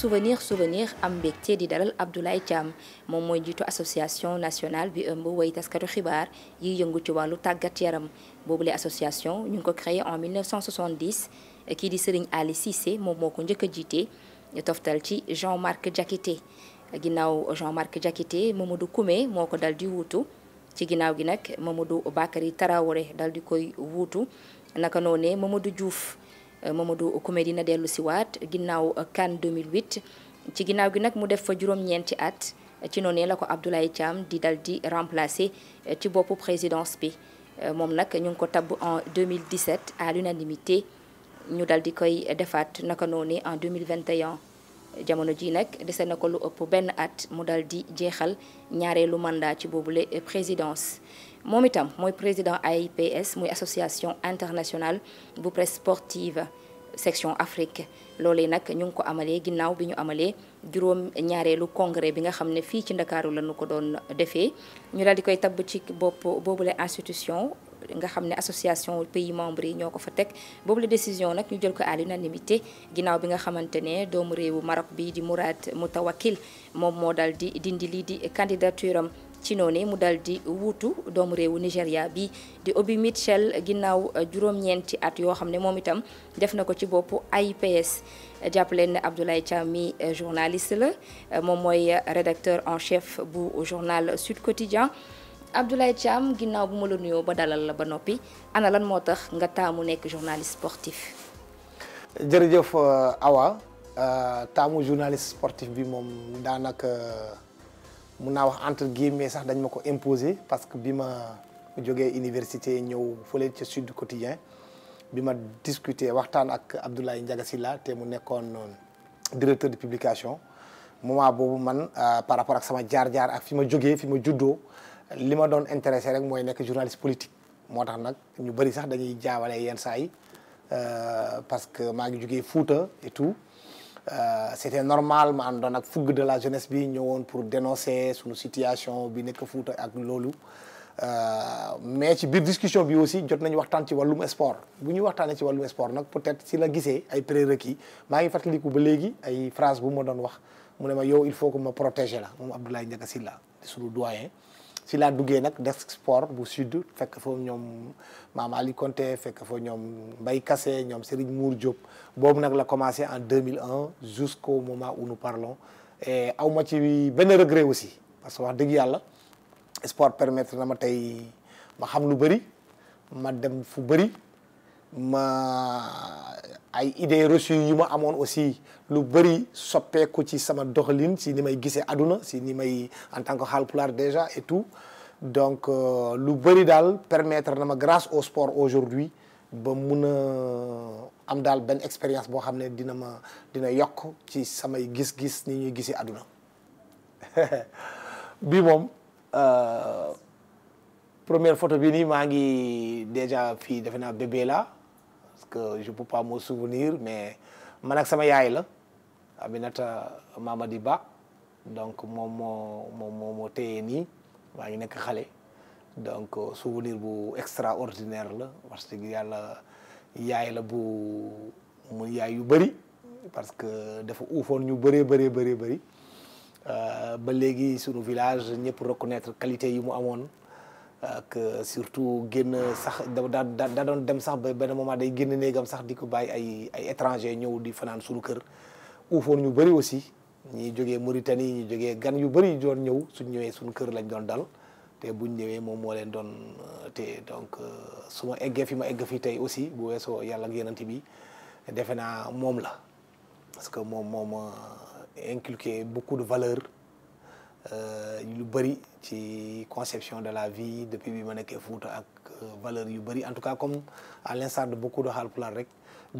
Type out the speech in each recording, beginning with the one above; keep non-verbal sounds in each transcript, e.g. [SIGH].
souvenir souvenir am mbégte di dalal Abdoulaye Thiam moom mooy njiitu association nationale bi ëmb way taskatu xibaar yiy yëngu ci wàllu tàggat yaram boobu boobule association ñu ngi ko créé en 1970 kii di Serigne Ali Cissé moom moo ko njëkk a jiite toftal ci Jean-Marc Diakité ginnaaw Jean-Marc Diakité du Koumé moo ko dal di wuutu ci ginnaaw gi nag Mamadou Bakary Traoré dal di koy wuutu naka noonee Mamadou Diouf. Euh, Mamadou Koumé dina dellu si waat ginnaaw euh, CAN ci ginnaaw gi nag mu def fa juróom-ñeenti at ci noonu la ko Abdoulaye Thiam di dal di remplacer euh, ci boppu présidence bi moom nag ñu ngi ko tabb en 2017 à l'unanimité ñu dal di koy defaat naka noonu en 2021 jamono ji nag dese na ko lu ëpp benn at mu dal di jeexal ñaareelu mandat ci boobu boobule présidence moom itam mooy président AIPS muy association internationale bu presse sportive section Afrique loolee nag ñu ngi ko amalee ginnaaw bi ñu amalee juróom ñaareelu congrès bi nga xam ne fii ci ndakaaru lañu ko doon defee ñu daal di koy tabb ci bopp boobule institution nga xam ne association pays membres yi ñoo ko fa teg boobu la décision nag ñu jël ko à l'unanimité ginnaaw bi nga xamante ne doomu réewu Maroc bi di Mourad Moutawakil moom moo daal di dindi lii di candidature am ci noonu mu dal di wuutu doomu réewu Nigéria bi di ubbi Mitchell ginnaaw juróom-ñeenti at yoo xam ne moom itam def na ko ci bopp AIPS jàpp leen ne Abdoulaye Thiam mi journaliste la moom mooy rédacteur en chef bu journal Sud Quotidien Abdoulaye Thiam ginnaaw bu ma la nuyoo ba dalal la ba noppi ana lan moo tax nga taamu nekk journaliste sportif. jërëjëf Awa euh, taamu journaliste sportif bi moom daanaka. mun naa wax entre guillemets sax dañ ma ko imposé parce que bi ma jogee université ñëw fële ca Sud Quotidien bi ma discuter waxtaan ak Abdoulaye Ndiaga Sylla te mu nekkoon directeur de publication moment boobu man euh, par rapport ak sama jaar-jaar ak fi ma jógee fi ma juddoo li ma doon intéressé rek mooy nekk journaliste politique moo tax nag ñu bëri sax dañuy jaawale yenn saa yi euh, parce que maa ngi jógee Fuuta et et euh, normal ma àndoon ak fugg de la jeunesse bi ñëwoon pour dénoncer suñu situation bi nekk Fuuta ak loolu euh, mais ci biir discussion bi aussi jot nañu waxtaan ci wàllum sport bu ñu waxtaanee ci wàllum sport nag peut-être si la gisee ay prérequis maa ngi fàttaliku ba léegi ay phrase bu ma doon wax mu ne ma yow il faut que ma protéger la moom Abdoulaye Ndiaga Sylla di suñu doyen ci laa duggee nag des sport bu sud fekk fa ñoom Mame Ali Konté fekk fa ñoom Mbaye Kassé ñoom Serigne Mour Diop boobu nag la commencé en 2001 jusqu'au moment où nous parlons et aw ma ci benn regret aussi parce que wax dëgg yàlla sport permettre na ma tey ma xam lu bëri ma dem fu bëri ma ay idées reçues yu ma amoon aussi lu bëri soppeeku ci sama doxalin si ni may gisee àdduna si ni may en tant que Haalpulaar déjà et tout donc euh, lu bëri daal permettre na ma grâce au sport aujourd'hui ba mun a am daal benn expérience boo xam ne dina ma dina yokk ci samay gis-gis ni ñuy gisee àdduna [LAUGHS] bi moom euh, première photo bi nii maa ngi déjà fii defe naa bébé la parce que je peux pas me souvenir mais man ak sama yaay la Aminata Mamadi Ba donc moom moo moom moo moo téye nii maa ngi nekk xale donc euh, souvenir bu extraordinaire la parce que yàlla yaay la bu mu yaay yu bëri parce que dafa uufoon ñu bëree bëree bëree bëri euh, ba léegi sunu village ñëpp reconnaître qualité yi mu amoon ak euh, surtout génn sax da da da doon dem sax ba benn moment day génn néegam sax di ko bàyyi ay ay étranger ñëw di fanaan suñu kër uufoon ñu bëri aussi ñi jógee Mauritanie ñi jógee gan yu bëri doon ñëw suñ ñëwee suñu kër lañ doon dal te buñ ñëwee moom moo leen doon euh, te donc euh, su ma eggee fi ma egg fii tey aussi bu weesoo yàlla ak yenant bi defe naa moom la parce que moom moom inculqué beaucoup de valeur Euh, lu bëri ci conception de la vie depuis bi ma nekkee Fuuta ak euh, valeur yu bëri en tout cas comme à l'instar de beaucoup rek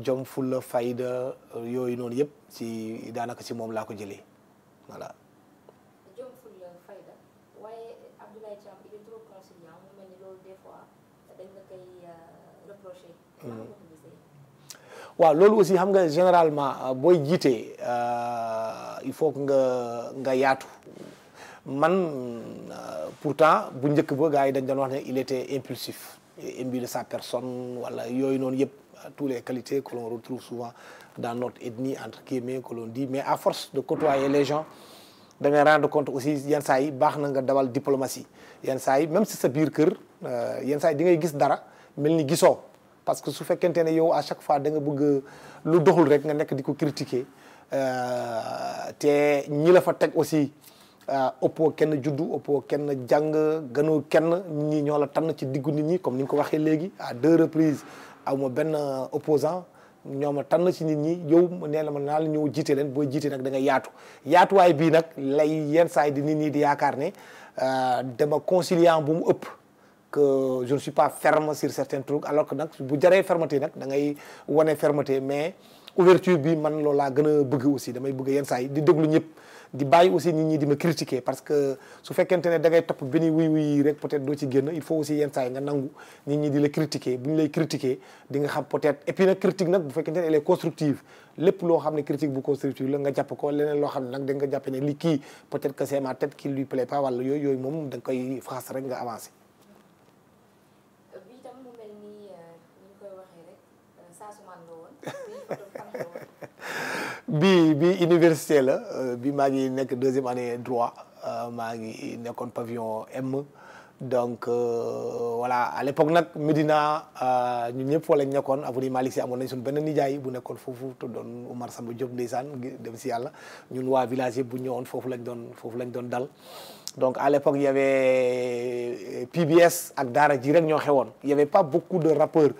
jom fulla fayda euh, noonu yëpp ci daanaka ci moom laa ko jëlee voilà. loolu hmm. waaw loolu aussi xam nga généralement booy jiitee il faut que nga yaatu. man euh, pourtant bu njëkk ba gars yi dañ doon wax ne il était impulsif imbu de sa personne wala yooyu noonu yëpp tous les qualités que l'on retrouve souvent dans notre ethnie entre guillemets que l'on dit mais à force de côtoyer les gens da ngay rendre compte aussi yenn saay baax na nga dawal diplomatie yenn saa yi même si sa biir kër euh, yenn saa yi ngay gis dara mel ni gisoo parce que su fekkente ne yow à chaque fois da nga bëgg lu doxul rek nga nekk di ko critiquer euh, te ñi la fa teg aussi ëppoo euh, kenn juddu ëppoo kenn jàng gënoo kenn ñi ñoo la tànn ci diggu nit ñi comme ni nga ko waxee léegi à deux reprises awma benn euh, opposant ñoo ma tànn ci nit ñi ma nee na ma naa la ñëw jiite leen booy jiite nag da nga yaatu yaatuwaay bii nag lay yenn saay di nit ñi di yaakaar ne euh, dama conciliant bu mu ëpp que je ne suis pas ferme sur certains trucs alors que nag bu jaree fermeté nag da ngay wane fermeté mais ouverture bi man loolu laa gën a bëgg aussi damay bëgg yenn saa yi di déglu ñëpp di bàyyi aussi nit ñi di ma critiquer parce que su fekkente ne da topp benn wuy wuy rek peut doo ci génn il faut aussi yenn saa nga nangu nit ñi di la critiquer bu ñu lay critiquer di nga xam peut-être et puis nag critique nag bu fekkente ne elle constructive lépp loo xam ne critique bu constructive la nga jàpp ko leneen loo xam ne nag da nga jàppe ne li kii peut-être que c'est ma tête qui lui plaît pas wala yooyu yooyu moom da koy faxas rek nga avancer bi bi université la euh, bi maa ngi nekk deuxième année droit euh, maa ngi nekkoon pavillon M donc euh, voilà à l'époque nag Médina ñun ñëpp foo lañ nekkoon avenue Malick Sy amoon nañ suñu benn nijaay bu nekkoon foofu tuddoon Oumar Samba Diop ndeysaan dem si yàlla ñun waa village yëpp bu ñëwoon foofu lañ doon foofu lañ doon dal donc à l'époque y PBS ak Daara ji rek ñoo xewoon y pas beaucoup de rappeurs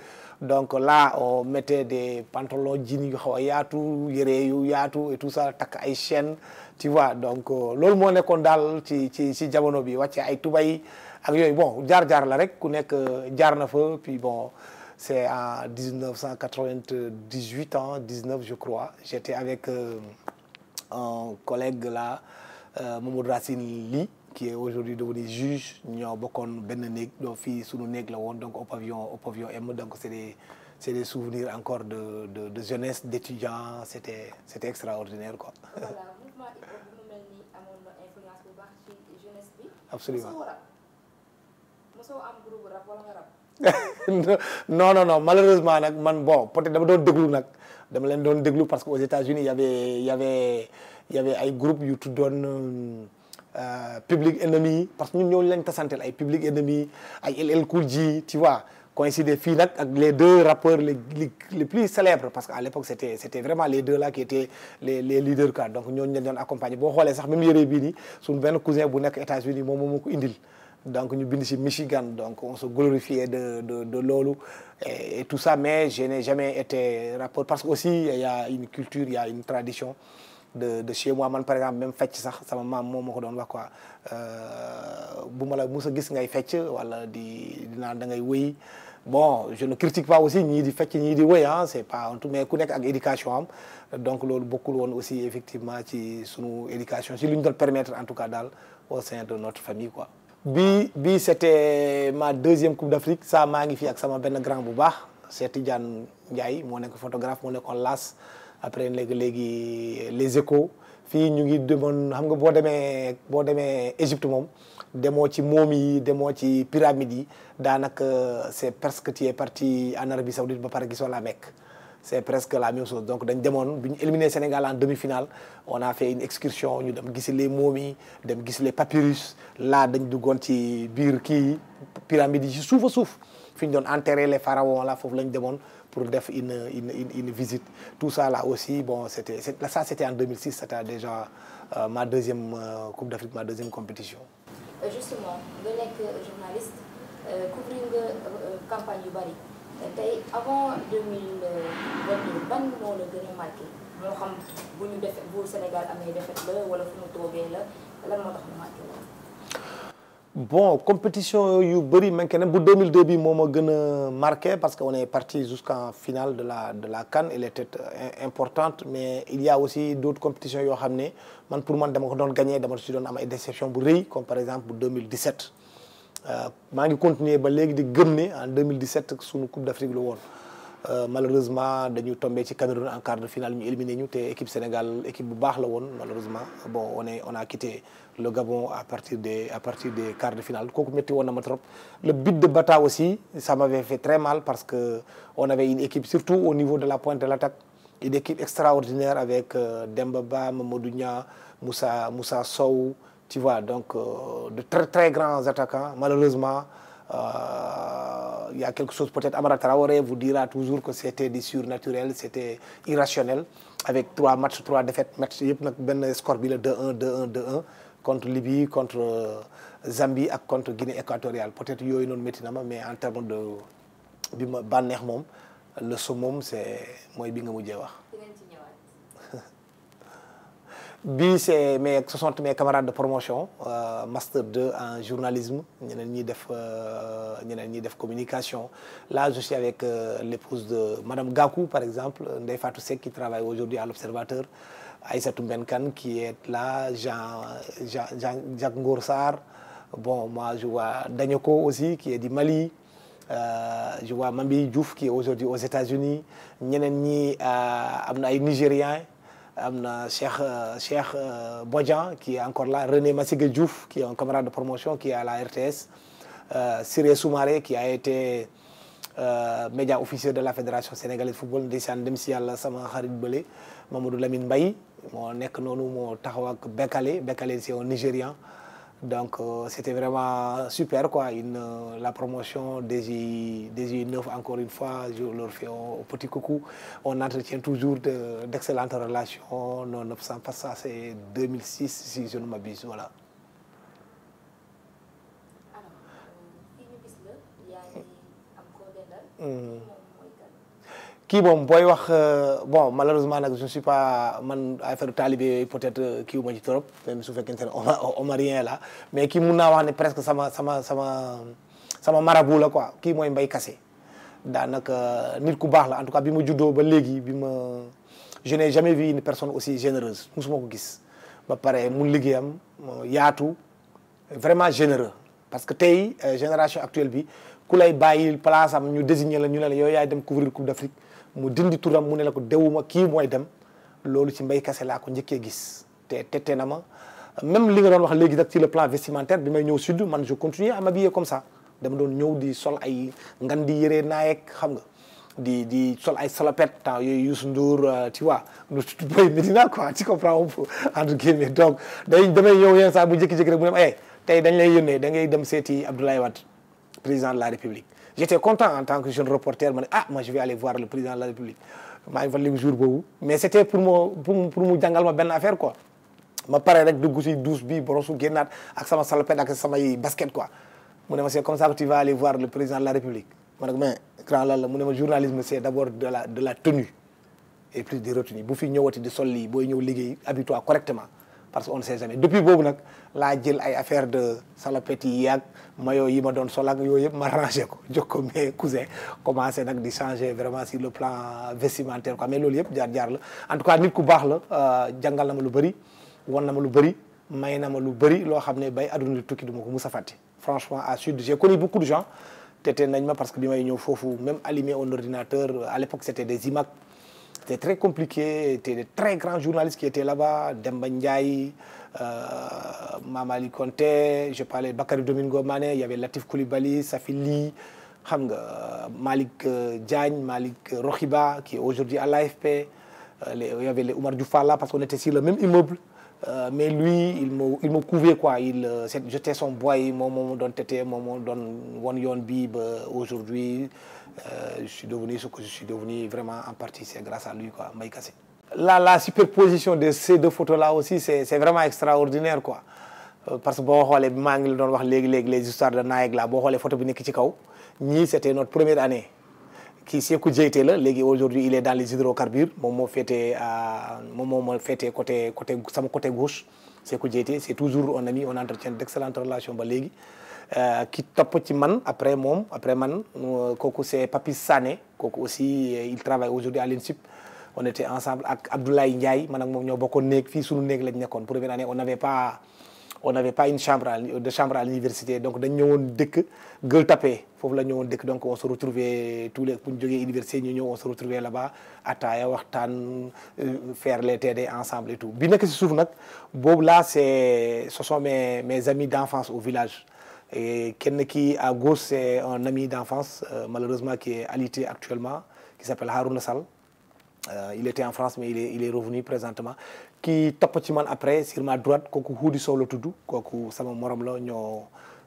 donc là on mettait des pantalons jeans yu xaw a yaatu yére yu yaatu et tout ça takk ay chaînes tu vois donc euh, loolu moo nekkoon daal ci ci ci jamono bi wàcce ay tubay ak yooyu bon jaar-jaar la rek ku nekk euh, jaar na fa puis bon c'est en 1998 en 19 je crois j'étais avec euh, un collègue là euh, Mamadou qui est aujourd'hui devenu juge ñoo bokkoon benn néeg donc fii suñu néeg la woon donc au pavillon au pavillon M donc c'est des c'est encore de de de jeunesse d'étudiants c'était c'était extraordinaire quoi. voilà mouvement hip-hop bu mel na influence bu baax ci jeunesse [LAUGHS] non non malheureusement nag man bon peut dama doon déglu nag dama leen doon déglu parce que aux États-Unis y avait y avait y avait ay groupes yu tuddoon. Euh, Euh, public ennemi parce que ñu ñooñu lañ tasantel ay public ennemi ay LL Cool J tu vois coïncider fii nag ak les deux rappeurs les les plus célèbres parce que à l'époque c'était c'était vraiment les deux là qui étaient les les leaders quoi donc ñooñu lañ doon accompagner boo xoolee sax même yére bii nii suñu benn cousin bu nekk États-Unis moom moo ko indil donc ñu bind ci Michigan donc on se de de de loolu et, tout ça mais je n'ai jamais été rappeur parce que aussi il y tradition de de chez moi man par exemple même fecc sax sama maam moom ma ko doon wax quoi euh, bu ma la mus a gis ngay fecc wala di dinaa da ngay wëy bon je ne critique pas aussi ñii di fecc ñii di wëy ah c'est pas en tout mais ku nekk ak éducation am donc loolu bokkul woon aussi effectivement ci sunu éducation si lu ñu doon permettre en tout cas daal au sein de notre famille quoi. bi bi c'était ma deuxième coupe d'Afrique ça maa ngi fi ak sama benn grand bu baax seeti Tidiane Ndiaye moo nekk photographe moo nekkoon après léegi léegi les échos fii ñu ngi demoon xam nga boo demee boo demee Égypte moom demoo ci moom yi demoo ci pyramides yi daanaka c'est presque tu es parti en Arabie Saoudite ba pare gisoo laa Mecque c'est presque la même chose donc dañ demoon bu ñu éliminé Sénégal en demi-finale on a fait une excursion ñu dem gis les momies dem gis les papyrus là dañ duggoon ci biir kii pyramides yi ci a suuf fi ñu doon enterrer les pharaons là foofu la demoon pour def une une une visite tout ça là aussi bon c'était ça c'était en 2006 c'était déjà euh, ma deuxième euh, coupe d'Afrique ma deuxième compétition. Euh, justement nga nekk journaliste euh, couvrir nga euh, campagne yu bari tey avant 2022 ban moo la gën a marqué moo xam bu ñu defee bu Sénégal amee defet la wala fu mu toogee la lan moo tax mu la. bon compétition yu bëri manqué na bu 2002 bi moo ma gën a marqué parce que on est parti jusqu'en final de la de la CAN elle était euh, importante mais il y aussi d'autres compétitions yoo xam ne man pour man dama ko doon gagné dama si doon am ay déception bu rëy comme par exemple bu 2017 euh, maa ngi continuer ba léegi di gëm ne en 2017 suñu Coupe d'Afrique la woon euh, malheureusement dañu tombé ci Cameroun en quart de finale ñu éliminé ñu te équipe Sénégal équipe bu baax la woon malheureusement bon on est on a quitté le Gabon à partir des à partir quarts de finale kooku métti woon na ma trop le but de Bata aussi ça m'avait fait très mal parce que on avait une équipe surtout au niveau de la pointe de l'attaque une équipe extraordinaire avec euh, Demba Ba Mamadou Niang Moussa Moussa Sow tu donc euh, de très très grands attaquants malheureusement euh, il euh, y a quelque chose peut-être Amara Traoré vous dira toujours que c'était du surnaturel c'était irrationnel avec trois matchs trois défaites match yëpp nag benn score bi la 2-1 2-1 2 contre Libye contre euh, Zambie ak contre Guinée équatoriale peut-être yooyu noonu métti na mais en terme de bi ma bànneex moom le saut moom c'est mooy bi nga mujjee wax. [LAUGHS] bi c'est mes ce sont mes camarades de promotion euh, master 2 en journalisme ñeneen ñiy def euh, ñeneen ñiy def communication la je suis avec euh, l'épouse de madame Gakou par exemple Ndeye Fatou Seck qui travaille aujourd'hui à l'Observateur Aïssatou Benkan qui est là, Jean, Jean, Jean, Jacques Ngoursar, bon, moi je vois Danyoko aussi ki est du Mali, euh, je vois Mambi Diouf qui est aujourd'hui aux états euh, am na ay Nigériens. am na Cheikh euh, Cheikh euh, Bodian qui est encore là René Massiga Diouf qui est un camarade de promotion qui est à la RTS euh, Siré Soumaré qui a été euh, média officier de la Fédération sénégalaise de football ndeysaan dem si yàlla sama xarit bële Mamadou Lamine Mbaye moo nekk noonu moo taxaw ak Bekale Bekale c'est un Nigérian donc euh, c'était vraiment super quoi une euh, la promotion des U des U9 encore une fois je leur fais un petit coucou on entretient toujours de d'excellentes relations nonobstant parce que ça c'est 2006 si je ne m'abuse voilà. alors euh, kii moom booy wax euh, bon malheureusement nag je ne suis pas man affaire taalibe peut-être euh, kii wu ma trop même su fekkente ne omarien la mais kii mun naa wax ne presque sama sama sama sama marabu la quoi kii mooy Mbaye Kassé daanaka euh, nit ku baax la en tout cas bi mu juddoo ba léegi bi ma je n'ai jamais vu une personne aussi généreuse musuma ko gis ba pare mun liggéeyam yaatu vraiment généreux parce que tey génération actuelle bi ku lay bàyyi place am ñu désigné la ñu ne la yow yaay dem couvrir Coupe d'Afrique mu dindi turam mu ne la ko dewuma kii mooy dem loolu ci mbay kase laa ko njëkkee gis te tete na ma même li nga doon wax léegi nag ci le plan vestimentaire bi may ñëw sud man je continue à m'habiller comme ça dama doon ñëw di sol ay ngan di yëree naayeeg xam nga di di sol ay salopette temps yooyu Youssou Ndour euh, tu vois lu boy Medina quoi tu comprends entre guillemets donc day damay ñëw yenn saa bu jékki-jékki rek mu eh, tey dañ lay yónnee da ngay dem seeti Abdoulaye Wade président de la République j'étais content en tant que jeune reporter ma ne ah moi je vais aller voir le président de la République maa ngi fa lim jour boobu mais c'était pour mu pour ma benn affaire quoi ma pare rek dugg si douche bi borosu génnaat ak sama salopette ak samay basket quoi mu ne ma c'est comme ça que tu aller voir le président de la République ma ne ko grand lan mu ne ma journalisme c'est d'abord de la tenue et plus de retenue bu fi ñëwati di sol lii booy ñëw liggéey parce que on ne sait jamais depuis boobu nag laa jël ay affaire de salopette yi ak maillot yi ma doon sol ak yooyu yëpp ma rangé ko jox ko mes cousins commencé nag di changer vraiment si le plan vestimentaire ko mais loolu yëpp jaar-jaar la en tout cas nit ku baax la euh, jàngal na ma lu bëri wan na ma lu bëri may na ma lu bëri loo xam ne bay àdduna di tukki du ma ko mus a fàtte franchement à sud j'ai connu beaucoup de gens nañ ma parce que bi may ñëw foofu même allumé un ordinateur à l'époque c'était des c'était très compliqué c'était de très grands journalistes qui étaient là-bas euh, Mamali Konté je parlais Bakary Domingo Mané il avait Latif Koulibaly Safi Ly xam nga Malick euh, Diagne Malick euh, Rohiba qui aujourd'hui à l'AFP les il y là parce qu'on était sur le même immeuble mais lui il me couvait quoi il son boy moom moo doon tete moom moo doon yoon bi ba aujourd'hui Euh, je suis devenu ce que je suis devenu vraiment en partie c'est grâce à lui quoi Mbaye Kassé. la la superposition de ces deux la là aussi c'est c'est vraiment extraordinaire quoi euh, parce que boo xoolee maa ngi la doon wax léegi léegi les histoires de Naeg la boo xoolee photo bi nekk ci kaw ñii c'était notre première année. kii Sékou Diété la léegi aujourd'hui il est dans les hydrocarbures moom moo féetee euh, moom moo ma féetee côté côté sama côté gauche Sékou Diété c'est toujours un ami on entretient d'excellentes relations ba léegi. ki euh, topp ci man après moom après man euh, kooku c'est Papis Sané kooku aussi euh, il travaille aujourd'hui à l'INSIP on était ensemble ak Abdoulaye Ndiaye man ak moom ñoo bokkoon néeg fii sunu néeg lañ nekkoon première année on n'avait pas on n'avait pas une chambre de l'université donc dañ ñëwoon dëkk Gueule Tapée foofu la ñëwoon dëkk donc on se retrouvait tous les bu ñu université ñu ñëw on se retrouvait là-bas ataaya waxtaan faire les TD ensemble et tout bi nekk si suuf nag boobu là c'est ce sont mes mes amis d'enfance au kenn quelqu'un qui à gauche, c'est un ami d'enfance, euh, malheureusement, qui est alité actuellement, qui s'appelle Haroun Nassal. Euh, il était en France, mais il est, il est revenu présentement. Qui top après, sur ma droite, Koku Houdi Solo Toudou, Koku Samo Moramlo,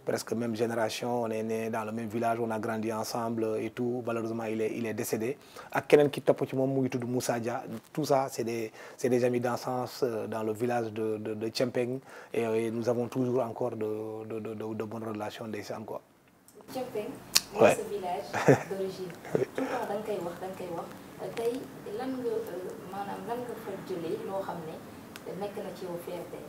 presque même génération on est né dans le même village on a grandi ensemble et tout malheureusement il est décédé ak keneen ki topp ci moom mu ngi tudd Moussa Dia tout ça c'est des c'est des amis d'enfance euh, dans le village de de de Tchempeng et, nous avons toujours encore de de de de, de quoi. Tchempeng. mooy sa village [LAUGHS] d'origine. tout le temps da nga koy euh, nekk na ci yow fierté.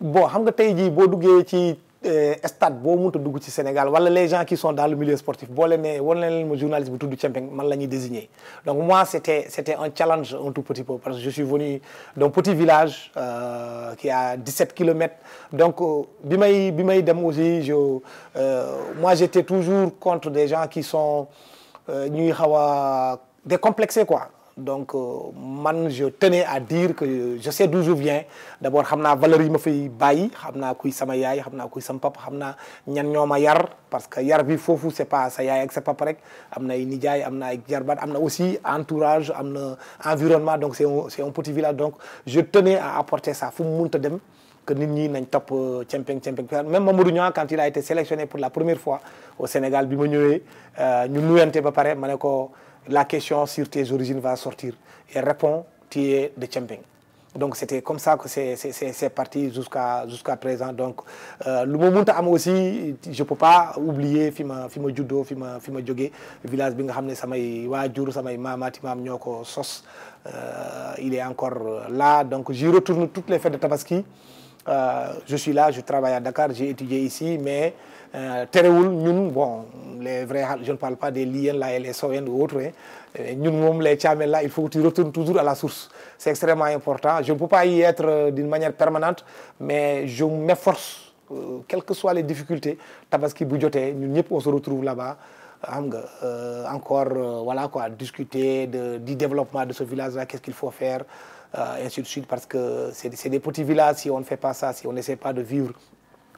bon xam nga tey jii boo duggee ci. Euh, stade boo mënta dugg ci Sénégal wala les gens qui son dans le milieu sportif boo leen nee wan leen ma journaliste bu tudd Thiampeng man la ñuy désigner donc moi c'était c'était un challenge un tout petit peu parce que je suis venu d'un petit village euh, qui a 17 kilomètres donc euh, bi may bi may dem aussi je euh, moi j'étais toujours contre des gens qui sont ñuy xaw a décomplexés quoi donc euh, man je tenais à dire que je sais d'où je viens d'abord xam naa valeurs yi ma fay bàyyi xam naa kuy sama yaay xam naa koy sama papa xam naa ñan ñoo ma yar parce que yar bi foofu c'est pas sa yaay ak sa papa rek am na ay nijaay am na ay jarbaat am na aussi entourage am na environnement donc c'est un c'est village donc je tenais à apporter ça fu mu munta dem que nit ñi nañ topp euh, Cempeng Cempeng même Mamadou Niang quand il a été sélectionné pour la première fois au Sénégal bi ma ñëwee euh, ñu nuyante ba pare ma ne ko la question sur tes origines va sortir et réponds, tu de champion. donc c' était comme ça que c'est c'est c'est parti jusqu'à jusqu'à présent donc euh, lu ma mënta am aussi je peux pas oublier fi ma fi ma juddoo fi ma fi ma jógee village bi nga xam ne samay waajur samay maamaati maam ñoo ko sos euh, il est encore euh, là donc j'y retourne toutes les fêtes de Tabaski je suis là je travaille à Dakar j'ai étudié ici mais Euh, terewul ñun bon les vrais je ne parle pas des liens là et les sowen ou autres euh, ñun moom les caamel là il faut que tu toujours à la source c'est extrêmement important je ne peux pas y être euh, d'une manière permanente mais je m'efforce euh, quelles que soient les difficultés tabaski bu jotee ñun ñëpp on se retrouve là-bas xam nga encore euh, voilà quoi discuter de du développement de ce village là qu'est-ce qu'il faut faire parce que c'est c'est des petits villages si on ne fait pas ça si on n'essaie pas de vivre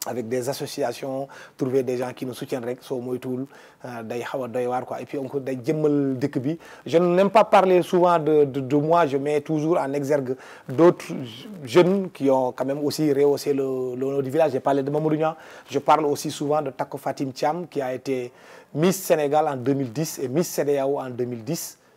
avec des associations trouver des gens qui nous soutiennent rek soo moytuwul euh, day xaw a doy waar quoi et puis day jëmmal dëkk bi je n'aime pas parler souvent de, de mois moi je mets toujours en exergue d'autres jeunes qui ont quand même aussi rehaussé le le nom du village j'ai parlé de Mamadou Niang je parle aussi souvent de Tako Fatim Thiam qui a été Miss Sénégal en 2010 et Miss CEDEAO en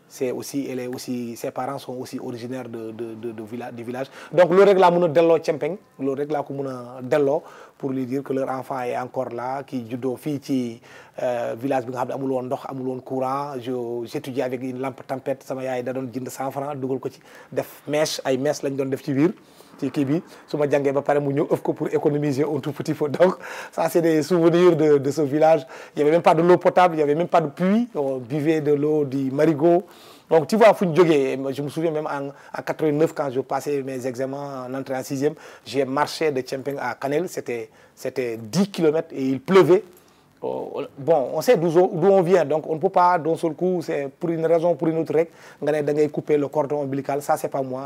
c'est aussi elle est aussi ses parents aussi originaires de de de de village du village donc loolu rek laa mën a delloo Cempeng loolu rek laa ko mën a delloo pour lui dire que leur enfant est encore là ki juddoo fii ci euh, village bi nga xam ne amul woon ndox amul woon courant je j'étudiais avec une lampe tempête sama yaay dadoon doon jënd cent francs ko ci def mèche ay mèche lañ doon def ci biir. ci kii bi su ma jàngee ba pare mu ñëw ëf ko pour économiser un tout petit peu donc ça c'est des souvenirs de de ce village il y avait pas de l'eau potable i y avait même pas de puits on buvait de l'eau du marigot donc tu vois fu je me souviens même en en 89 quand je passais mes examens en entrée en sixième j'ai marché de Tchempeng à Kanel c'était c'était 10 kilomètres et il pleuvait oh, on sait d'où vient donc on ne peut pas d'un seul coup c'est pour une nga ne da ngay couper moi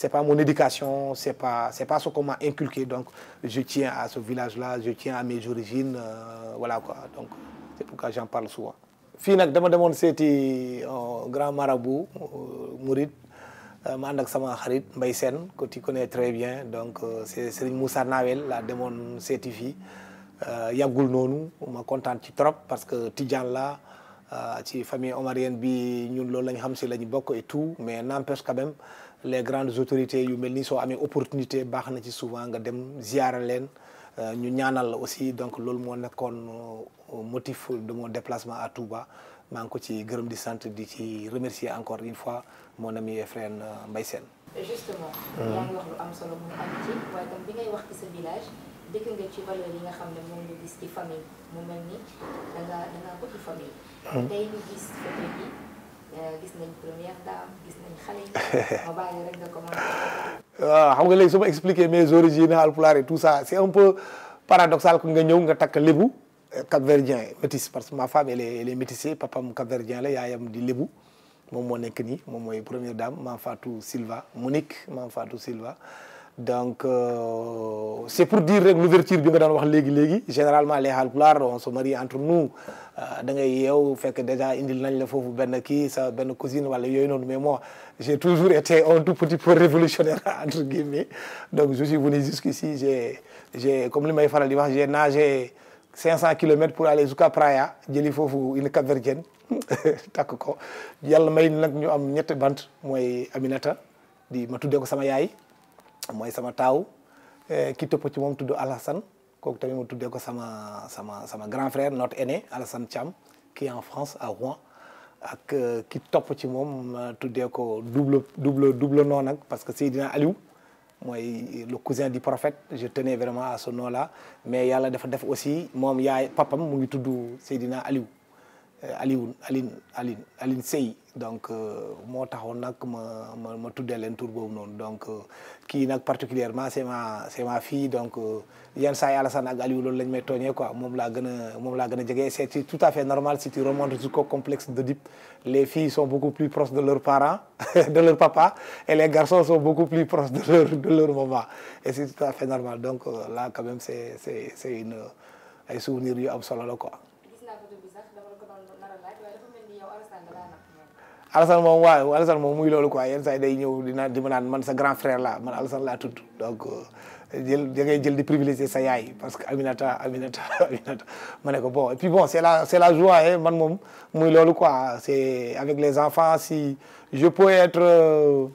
c'est pas mon éducation, c'est pas c'est pas ce qu'on m'a inculqué. Donc je tiens à ce village-là, je tiens à mes origines, euh, voilà quoi. Donc c'est pourquoi j'en parle souvent. fii nag dama demoon seeti euh, grand marabout euh, Mouride euh, ma ànd ak sama xarit Mbaye Sène que tu très bien donc c'est Serigne Moussa Nawel laa demoon seeti fii yàggul noonu ma kontaan ci trop parce que Tidiane la ci famille omarienne bi ñun loolu lañu ñu xam si la ñu bokk et tout mais n'empêche quand même les grande autorités yu mel nii soo amee opportunité baax na ci souvent nga dem ziyaara leen euh, ñu ñaanal la aussi donc loolu moo nekkoon euh, motif de déplacement à Touba maa ngi ko ci gërëm di sant di ci remercier encore une fois moo ami et frère euh, Mbaye justement. Hmm. yaa lu gis ci famille mu mel ni da nga ko ci famille. Hmm. tey ñu gis photo bi. Eh, gis [LAUGHS] ah, xam nga léegi su ma mais mes origines Haalpulaar et tout ça c' est un peu paradoxal que nga ñëw nga takk lébu eh, capverdien métis parce que ma femme elle est elle est métissée papam la yaayam di lébu moom moo nekk nii moom mooy première dame Mam Fatou Silva Monique Mam Fatou Silva. donc euh, c'est pour dire rek l'ouverture bi nga daan wax léegi léegi généralement les Haalpulaar on se entre nous euh, da ngay yeew fekk déjà indil nañ la foofu benn kii sa benn cousine wala yooyu noonu mais moi toujours été un tout petit peu révolutionnaire [LAUGHS] entre guillemets donc je suis venu jusqu'ici j'ai comme li may faral di wax j'ai nagé 500 kilomètres pour aller jusqu'à Praia jëli foofu une Cap-Verdienne [LAUGHS] takk ko yàlla may nag ñu am ñetti bant mooy Aminata di ma tuddee ko sama yaay mooy sama taaw eh, ki topp ci moom tudd Alassane kooku tamit mu tuddee ko sama sama sama grand frère notre aîné Alassane Thiam qui en France à Rouen ak euh, ki topp ci moom euh, tuddee ko double double double nom nag parce que Seydina Aliou mooy le cousin di prophète je tenais vraiment à ce nom mais yàlla dafa def aussi moom yaay papam mu ngi tudd seddina Aliou euh, Alioune Aline Aline Aline Sey donc euh, moo taxoon nag ma ma ma tuddee leen tur boobu noonu donc euh, kii nag particulièrement c'est ma c'est donc euh, yenn sa yi Alassane ak Aliou loolu lañ may tooñee quoi moom laa gën a moom laa gën a jege c'est tout à fait normal si tu remontes jusqu'au complexe d'Oedipe les filles sont beaucoup plus proches de leurs parents [LAUGHS] de leur papa et les garçons sont beaucoup plus proches de leur de et c'est tout à fait normal donc là quand même c'est c'est une ay souvenirs yu am solo la ko Alassane moom waaw Alassane moom muy loolu quoi yenn saa yi day ñëw dina di ma naan man sa grand frère la man Alassane laa tudd donc euh, jël da ngay jël di privilégier sa yaay parce que Aminata Aminata [LAUGHS] Aminata ma ne ko bon et puis bon c'est la c'est la joie eh man moom muy loolu quoi c'est avec les enfants si je peux être euh,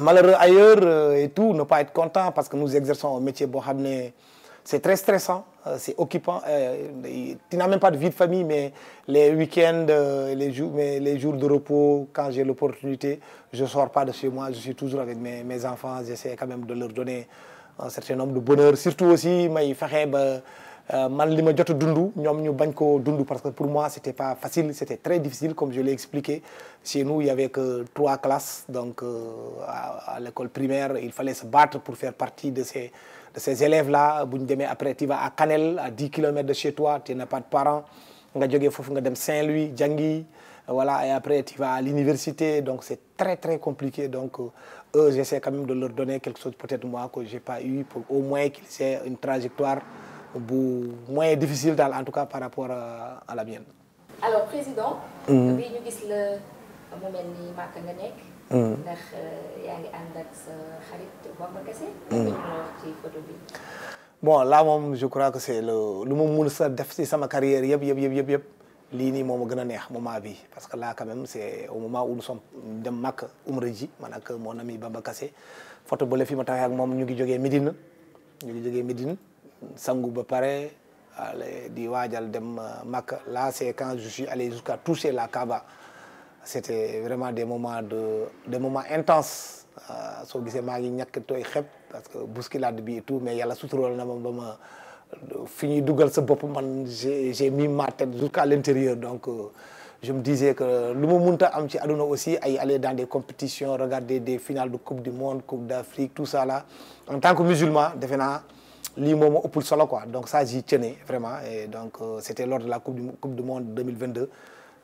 malheureux ailleurs euh, et tout ne pas être content parce que nous exerçons un métier boo xam ne c'est très stressant Euh, c'est occupant. Euh, tu n'as même pas de vie de famille, mais les week euh, les, jours, mais les jours de repos, quand j'ai l'opportunité, je ne sors pas de chez moi, je suis toujours avec mes, mes enfants, j'essaie quand même de leur donner un certain nombre de bonheur. Surtout aussi, mais il ferait... man li ma jot a ñoom ñu bañ koo dund parce que pour moi c'était pas facile c'était très difficile comme je l'ai expliqué chez nous il avait que trois classes donc à, à l'école primaire il fallait se battre pour faire partie de ces ces élèves là bu ñu après tu à Canel à 10 kilomètres de chez toi tu pas de parents nga jógee foofu nga dem Saint-Louis jàngi voilà et après tu à l'université donc c'est très très compliqué donc euh, eux j'essaie quand même de leur donner quelque chose peut-être moi que j'ai pas eu pour au moins qu'ils aient une trajectoire en tout cas par rapport à, à la mienne ndax yaa ngi bon là moom je crois que c'est lu mu mun sa def si sama carrière yëpp yëpp yëpp yëpp yëpp lii nii moom a gën a neex moment bi parce que là quand même c'est au moment où dem Makka umra ji man ak mon ami Bamba Kassé photo ba fi ma taxee ak moom ñu ngi jógee Médine ñu ngi jógee Médine sangu ba pare di waajal dem euh, Makka là c'est quand je suis allé jusqu'à toucher la Kaaba. c'était vraiment des moments de des moments intenses euh, soo gisee maa ngi ñàkk tooy xep parce que bousculade bi et tout mais yàlla sutural na ma ba ma fi ñuy dugal sa bopp man j'ai j'ai mis ma tête jusqu'à l'intérieur donc euh, je me disais que lu ma munta am ci àdduna aussi ay aller dans des compétitions regarder des finales de coupe du monde coupe d'Afrique tout ça là en tant que musulman defe naa lii moom moo ëppul solo quoi donc ça j'y tenais vraiment et donc euh, c'était lors de la coupe du monde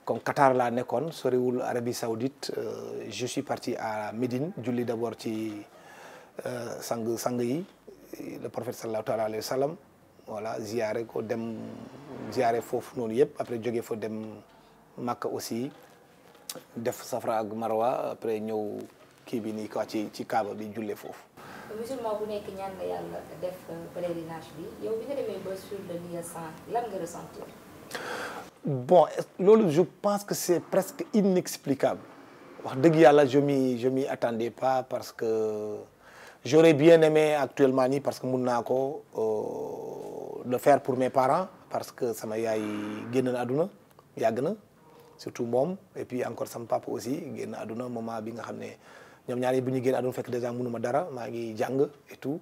kon Qatar la nekkoon soriwul Arabie Saoudite euh, je suis parti à Médine julli d'abord ci euh, sang sang yi le prophète sallallahu taala sallam voilà ziyaare ko dem ziyaare foofu noonu yëpp après joge fo dem Makka aussi def safra ak marwa après ñëw kii bi nii quoi ci ci Kaaba bi jullee foofu. bon loolu je pense que c'est presque inexplicable wax dëgg yàlla je m'y je m'y attendais pas parce que j'aurais bien mais actuellement nii parce que mun naa ko euh, le faire pour mes parents parce que sama yaay génn na àdduna yàgg na surtout moom et puis encore sama papa aussi génn àdduna moment bi nga xam ne ñoom ñaar yi bu ñuy génn àdduna fekk déjà ma dara maa ngi jàng et tout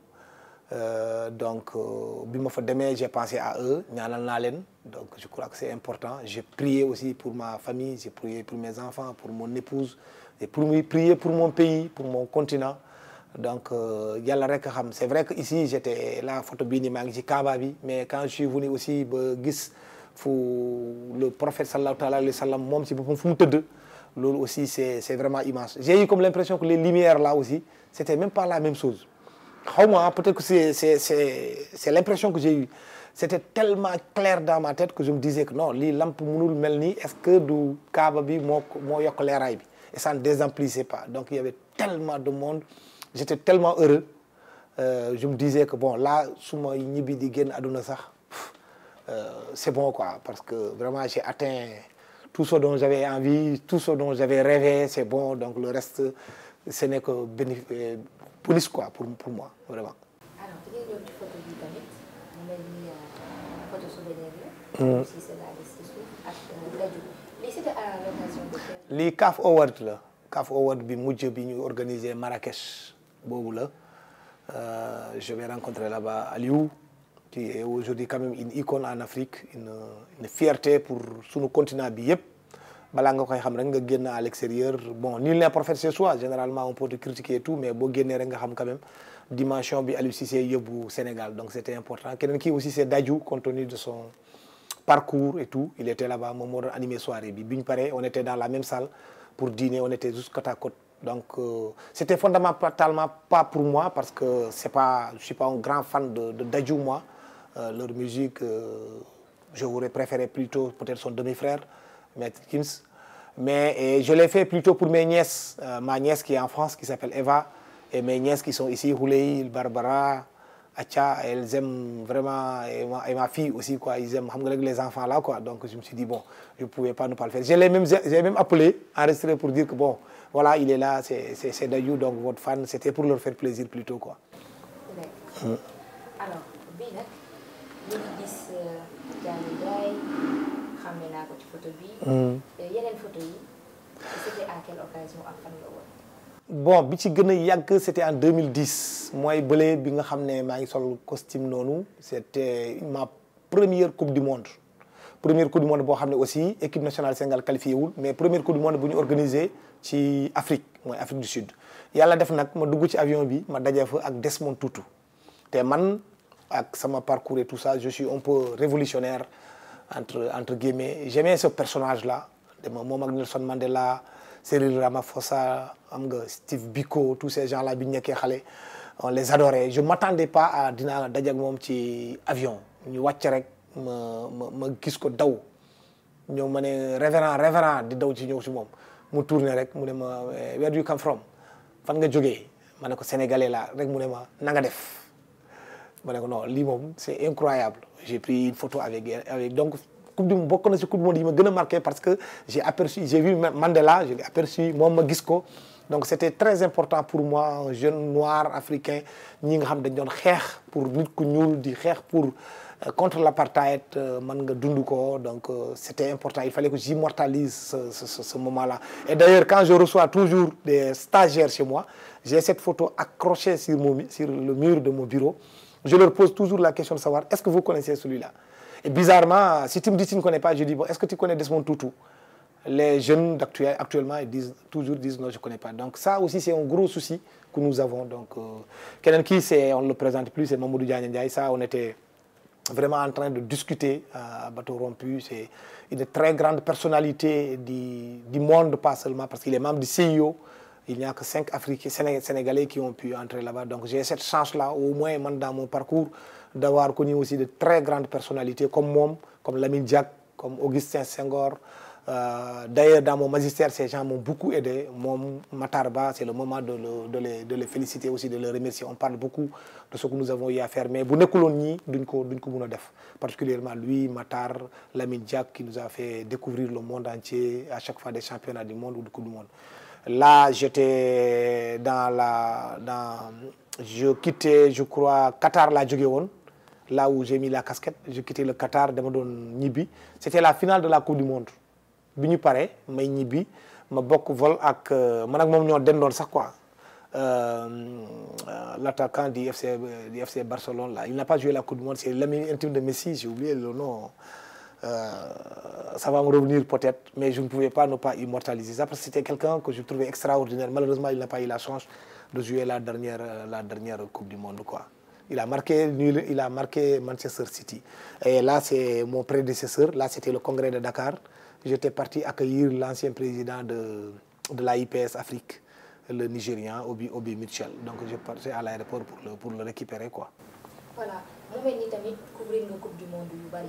Euh, donc euh, bi ma fa demee j'ai pensé à eux ñaanal naa leen donc je crois que c'est important j'ai prié aussi pour ma famille j'ai prié pour mes enfants pour mon épouse et pour muy prier pour mon pays pour mon continent donc euh, yàlla rek xam c'est vrai que ici j'étais la foto bii nii maa ngi ci Kaaba bi mais quand je suis venu aussi ba gis fu le prophète sallallahu taala alayhi wa sallam moom si boppam fu mu tëdd loolu aussi c'est c'est vraiment immense j'ai eu comme l'impression que les lumières là aussi c'était la même chose xaw ma peut-être que c'est c'est c'est c'est l'impression que j'ai eue c'était tellement clair dans ma tête que je me disais que non lii lamp mënul mel ni est-ce que du kaaba bi moo moo yokk leeraay bi et ça ne désemplissait pas donc il y tellement de monde j'étais tellement heureux euh, je me disais que bon là su ma ñibbi di génn àdduna sax euh, c'est bon quoi parce que vraiment j'ai atteint tout ce dont j'avais envie tout ce dont j'avais rêvé c'est bon donc le reste ce n'est police quoi pour moi vraiment. alors lii c'était CAF Award la CAF Award bi mujj bi ñu organisé Marrakech boobu la je vais rencontrer là-bas Aliou. qui aujourd'hui quand une icône en Afrique une une fierté pour sunu continent bi yëpp. balaa nga koy xam rek nga génn à l'extérieur bon nul n'est prophète chez soi généralement on peut te critiquer et tout mais boo génnee rek nga xam quand même dimension bi Aliou Cissé yóbbu Sénégal donc c'était important keneen kii aussi c'est Dadju compte de son parcours et tout il était là-bas moom moo doon animé soirée bi bi ñu on était dans la même salle pour dîner on était juste côte à côte donc euh, c'était fondamentalement pas pour moi parce que c'est pas je suis pas un grand fan de de Dadju moi euh, maître Gims mais et je l'ai fait plutôt pour mes nièces euh, ma nièce qui est en France qui s'appelle Eva et mes nièces qui sont ici Houley Barbara Acha elles aiment vraiment et ma, et ma fille aussi quoi ils aiment xam nga les enfants là quoi donc je me suis dit bon je pouvais pas ne pas le faire je l'ai même j'ai même appelé enregistré pour dire que bon voilà il est là c'est c'est c'est Dadju donc votre fan c'était pour leur faire plaisir plutôt quoi hmm. alors bii nag ñu ngi gis euh, Diané Ndiaye xàmmee euh, naa bi. ci gën a yàgg c'était en 2010 mooy bële bi nga xam ne maa ngi sol costume noonu c'était ma première coupe du monde première coupe du monde boo xam ne aussi équipe nationale Sénégal qualifié mais première coupe du monde bu ñu organisé ci Afrique mooy Afrique du Sud yàlla def nag ma dugg ci avion bi ma dajee fa ak des moon Tutu te man ak sama parcours et tout ça suis un peu révolutionnaire entre, entre guillemets. J'aimais ce personnage de moom ak Nelson Mandela, Cyril Ramaphosa, am nga Steve Biko, tous ces gens-là bi ñu nekkee xale on les adorait ma m'attendais pas à dinaa daje moom ci avion ñu wàcc rek ma ma ma gis ko daw ñëw ma ne révérend révérend di daw ci ñëw si moom mu tourné rek mu ne ma eh, where do you come from fan nga jógee ma ne ko sénégalais la rek mu ne ma na def ma ne ko non lii moom c' est incroyable j'ai pris une photo avec donc coupe du bokk na si coupe du monde yi ma gën a marqué parce que j'ai aperçu j'ai vu Mandela je moom ma gis ko donc c' était très important pour moi un jeune noir africain ñi nga xam dañ doon xeex pour nit ku ñuul di xeex pour euh, contre l'apartheid euh, man nga dund ko donc euh, c' était important il fallait que j'immortalise ce, ce, ce moment là et d'ailleurs quand je reçois toujours des stagiaires chez moi j'ai cette photo accrochée sur le mur de mon bureau je leur pose toujours la question de savoir est-ce que vous connaissez celui-là Et bizarrement, si tu me dis que tu ne connais pas, je dis bon, est-ce que tu connais Desmond Tutu Les jeunes d'actuellement actuellement, ils disent, toujours disent non, je ne connais pas. Donc ça aussi, c'est un gros souci que nous avons. Donc, euh, quelqu'un qui, c'est, on ne le présente plus, c'est Mamoudou Diagne Ça, on était vraiment en train de discuter euh, à Bateau Rompu. C'est une très grande personnalité du, du monde, pas seulement, parce qu'il est membre du CIO. il n'y a que cinq Africains sénégalais qui ont pu entrer là-bas. Donc j'ai cette chance-là, au moins dans mon parcours, d'avoir connu aussi de très grandes personnalités comme Mom, comme Lamine Diak, comme Augustin Senghor. Euh, D'ailleurs, dans mon magistère, ces gens m'ont beaucoup aidé. Mom Matarba, c'est le moment de, le, de, les, de, les, féliciter aussi, de les remercier. On parle beaucoup de ce que nous avons eu à faire. Mais Bounekoulouni, Def, particulièrement lui, Matar, Lamine Diak, qui nous a Là, j'étais dans la dans je quittais je Qatar laa jóge woon là où j'ai mis la casquette je quittais le Qatar dama doon ñibbi c'était la finale de la coupe du monde bi ñu paree may ñibbi ma bokk vol ak euh, man ak moom ñoo dendoon sax quoi euh, euh, l'attaquant du FC du FC Barcelone là il n'a pas joué la coupe du monde c'est l'ami intime de Messi j'ai oublié le nom Euh, ça va me revenir peut-être, mais je ne pouvais pas ne pas immortaliser ça parce que c'était quelqu'un que je trouvais extraordinaire. Malheureusement, il n'a pas eu la chance de jouer la dernière, la dernière Coupe du Monde. Quoi. Il a marqué nul, il a marqué Manchester City. Et là, c'est mon prédécesseur. Là, c'était le congrès de Dakar. J'étais parti accueillir l'ancien président de, de la IPS Afrique, le Nigérian Obi, Obi Mitchell. Donc, je partais à l'aéroport pour le, pour le récupérer. Quoi. Voilà. Vous venez tamit couvrir une Coupe du Monde du Bali.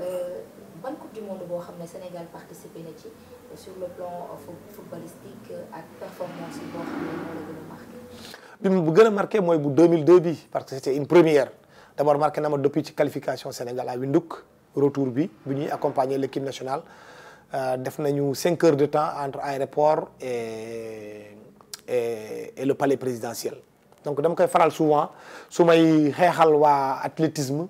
Euh, ban coupe boo xam ne Sénégal participé na ci euh, sur le plan euh, footballistique ak performance boo xam ne moo la gën a marqué. bi bu gën a marqué mooy bu bi parce que c' une première d' abord marqué na ma depuis ci qualification Sénégal à Windhoek retour bi bu ñuy accompagner l' équipe nationale def nañu cinq heures de temps entre aéroport et et et le palais présidentiel donc dama koy faral souvent su may xeexal waa athlétisme.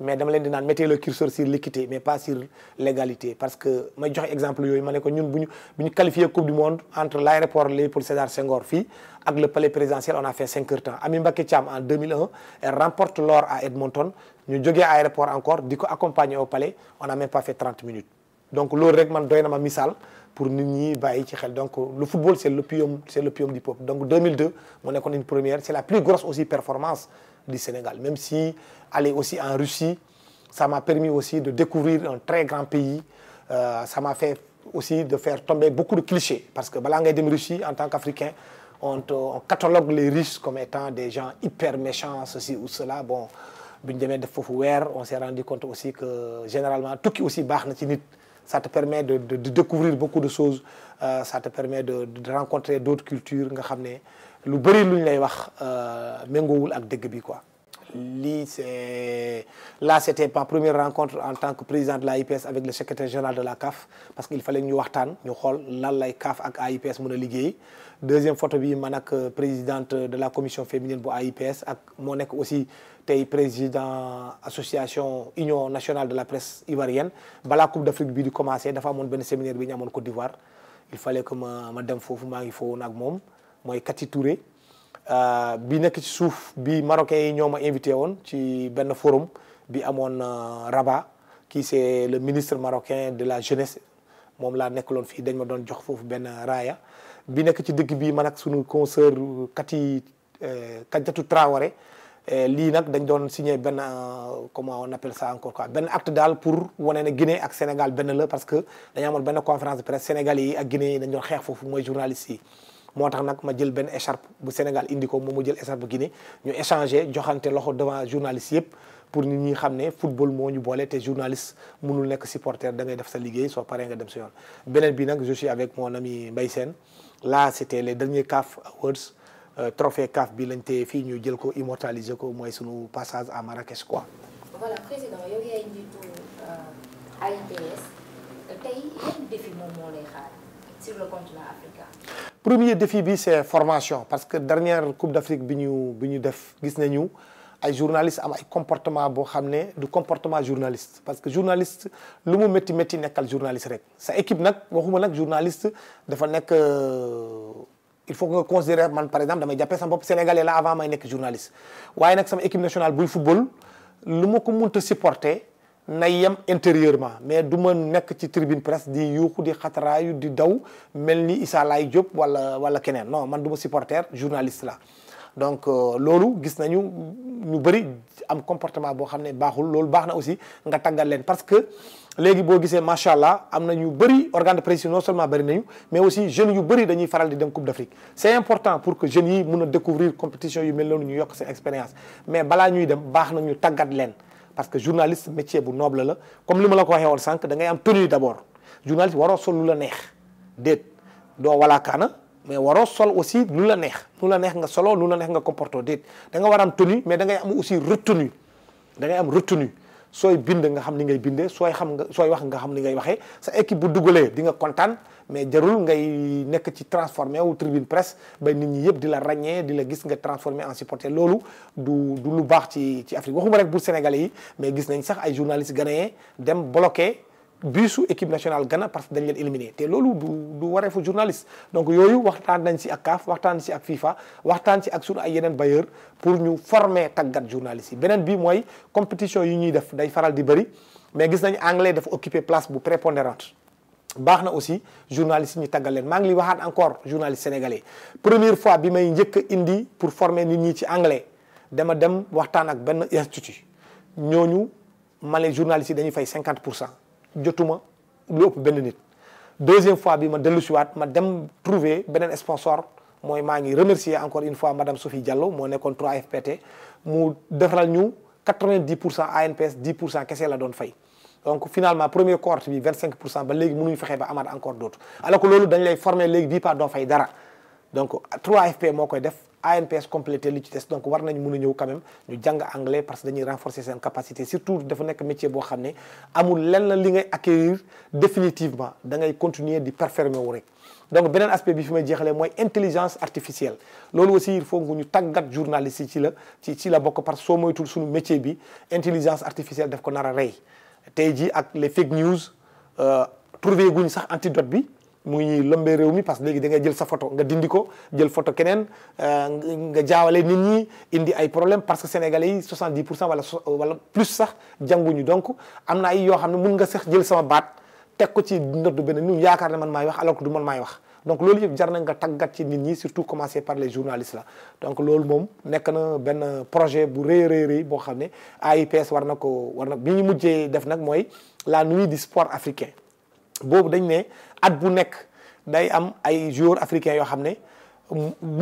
mais dama leen di naan mettez le curseur sur l'équité mais pas sur l'égalité parce que may joxe exemple yooyu ma ne ko ñun bu ñu bu ñu qualifié coupe du monde entre l'aéroport Léopold Sédar Senghor fii ak le palais présidentiel on a fait cinq heures temps Ami Mbacké Thiam en 2001 elle remporte l'or à Edmonton ñu jógee aéroport encore di ko au palais on a même pas fait 30 minutes donc loolu rek man doy na ma misaal pour nit ñi bàyyi ci xel donc la di Sénégal. Même si aller aussi en Russie, ça m'a permis aussi de découvrir un très grand pays. Euh, ça m'a fait aussi de faire tomber beaucoup de clichés. Parce que Balangay de Russie, en tant qu'Africain, on, on, catalogue les riches comme étant des gens hyper méchants, ceci ou cela. Bon, on s'est rendu compte aussi que généralement, tout qui aussi ça te permet de, de, de, découvrir beaucoup de choses, euh, ça te permet de, de rencontrer d'autres cultures. lu bëri luñ lay wax euh, méngoowul ak dëgg bi quoi. lii c'est là c'était ma première rencontre en tant que président de la IPS avec le secrétaire général de la CAF parce qu'il fallait ñu waxtaan ñu xool lan lay CAF ak AIPS mën a liggéey deuxième photo bi man ak euh, présidente de la commission féminine bu AIPS ak moo nekk aussi tey président association union nationale de la presse ivoirienne balaa coupe d'Afrique bi di commencer dafa amoon benn séminaire bi ñu amoon Côte d'Ivoire il fale que ma ma dem foofu maa ngi foofu ak moom mooy Kati Touré euh, bi nekk ci suuf bi marocains yi ñoo ma invité woon ci benn forum bi amoon euh, Rabat kii c'est le ministre marocain de la jeunesse moom laa nekkaloon fii dañ ma doon jox foofu benn raaya bi nekk ci dëkk bi man ak sunu consoeur Kati euh, Kadiatou Traoré lii nag dañ doon signé benn comment on appelle ça encore quoi benn acte daal pour wane ne Guinée ak Sénégal benn la parce que dañu amoon benn conférence de presse sénégalais yi ak Guinée yi dañ doon xeex foofu mooy journaliste yi moo tax nag ma jël benn écharpe bu Sénégal indi ko moom mu jël écharpe Guinée ñu échangé joxante loxo devant journaliste yëpp pour nit ñi xam ne football moo ñu boolee te journaliste mënul nekk supporter da ngay def sa liggéey soo paree nga dem sa yoon. beneen bi nag je suis avec mon ami Mbaye Sène là c'était les derniers CAF Awards euh, trophée CAF bi lañ téye fii ñu jël ko immortaliser ko mooy sunu passage à Marrakech quoi. premier défi bi c'est formation parce que dernière coupe d'Afrique bi ñu bi ñu def gis nañu ay journaliste am ay comportement boo xam ne du comportement journaliste parce que journaliste lu mu métti métti nekkal journaliste rek sa équipe nag waxuma nag journaliste dafa nekk euh, il faut que nga considérer man par exemple damay jàppee sama bopp sénégalais la avant may nekk journaliste waaye nag sama équipe nationale buy football lu ma ko munta supporter na yem intérieurement mais du ma nekk ci tribune presse di yuuxu di xataraayu di daw mel ni Issa Laye Diop wala wala keneen non man du ma supporter journaliste la donc euh, loolu gis nañu ñu bëri am comportement boo xam ne baaxul loolu baax na aussi nga tàggal leen parce que léegi boo gisee macha allah am na ñu bëri organe de presse non seulement bëri nañu mais aussi jeunes yu bëri dañuy faral di dem Coupe d'Afrique c'est important pour que jeunes yi mun a découvrir compétition yu mel noonu ñu yokk seen mais balaa ñuy dem baax na ñu tàggat leen parce que journaliste métier bu noble la comme li ma la ko waxee woon sànq da ngay am tenue d' abord journaliste waroo sol lu la neex déet doo walaakaana mais waroo sol aussi lu la neex lu la neex nga solo lu la neex nga comporto déet da nga war am tenue mais da ngay am aussi retenue da ngay am retenue sooy bind nga xam ni ngay bindee sooy xam nga sooy wax nga xam ni ngay waxee sa équipe bu dugalee di nga kontaan mais jarul ngay nekk ci transformé wu tribune presse ba nit ñi yëpp di la ràññee di la gis nga transformé en supporter loolu du du lu baax ci ci Afrique waxuma rek bu Sénégalais yi mais gis nañ sax ay journalistes ghanéens dem bloqué. biisu équipe nationale gana parce que dañ leen éliminé te loolu du du wareefu journaliste donc yooyu waxtaan nañ si ak CAF waxtaan si ak FIFA waxtaan si ak sunu ay yeneen bailleur pour ñu former tàggat journaliste yi beneen bii mooy compétition yi ñuy def day faral di bëri mais gis nañu anglais dafa occuper place bu prépondérante baax na aussi journaliste ñu tàggal maa ngi li waxaat encore journaliste sénégalais première fois bi may njëkk indi pour former nit ñi ci anglais dama dem waxtaan ak benn institut ñooñu ma ne dañuy fay 50 pour cent jotuma lu ëpp benn nit deuxième fois bi ma dellu siwaat ma dem trouver beneen sponsor mooy maa ngi remercier encore une fois madame Sophie Diallo moo nekkoon 3FPT mu defaral ñu 90 pour cent ANPS 10 pour cent kese la doon fay donc finalement premier cohorte bi 25 pour cent ba léegi mënuñu fexe ba amaat encore d' ala alors loolu dañ lay former léegi bii pas doo fay dara donc 3FP moo koy def ANPS complété li ci des donc war nañu mun a ñëw quand même ñu jàng anglais parce que dañuy renforcer seen capacité surtout dafa nekk métier boo xam ne amul lenn li ngay acquérir définitivement da ngay continuer di performer wu rek. donc beneen aspect bi fi may jeexalee mooy intelligence artificielle loolu aussi il faut ñu tàggat journaliste si ci la ci ci la bokk parce que soo moytul suñu métier bi intelligence artificielle def ko nar a rey tey jii ak les fake news euh, trouvé guñ sax antidote bi. mu ngi ñuy réew mi parce que léegi da ngay jël sa photo nga dindi ko jël photo keneen euh, nga jaawale nit ñi indi ay problème parce que sénégalais yi 70 pour cent wala wala plus sax jànguñu donc am na ay yoo xam ne mun nga sax jël sama baat teg ko ci ndodd beneen ñu yaakaar ne man maay wax alors que du man maay wax donc loolu yëpp jar na nga tàggat ci nit ñi surtout commencer par les journalistes la donc loolu moom nekk na benn projet bu rëy rëy boo xam ne AIPS war na ko war bi ñu mujjee def nag mooy la nuit du sport africain boobu dañ ne at bu nekk day am ay joueurs africains yoo xam ne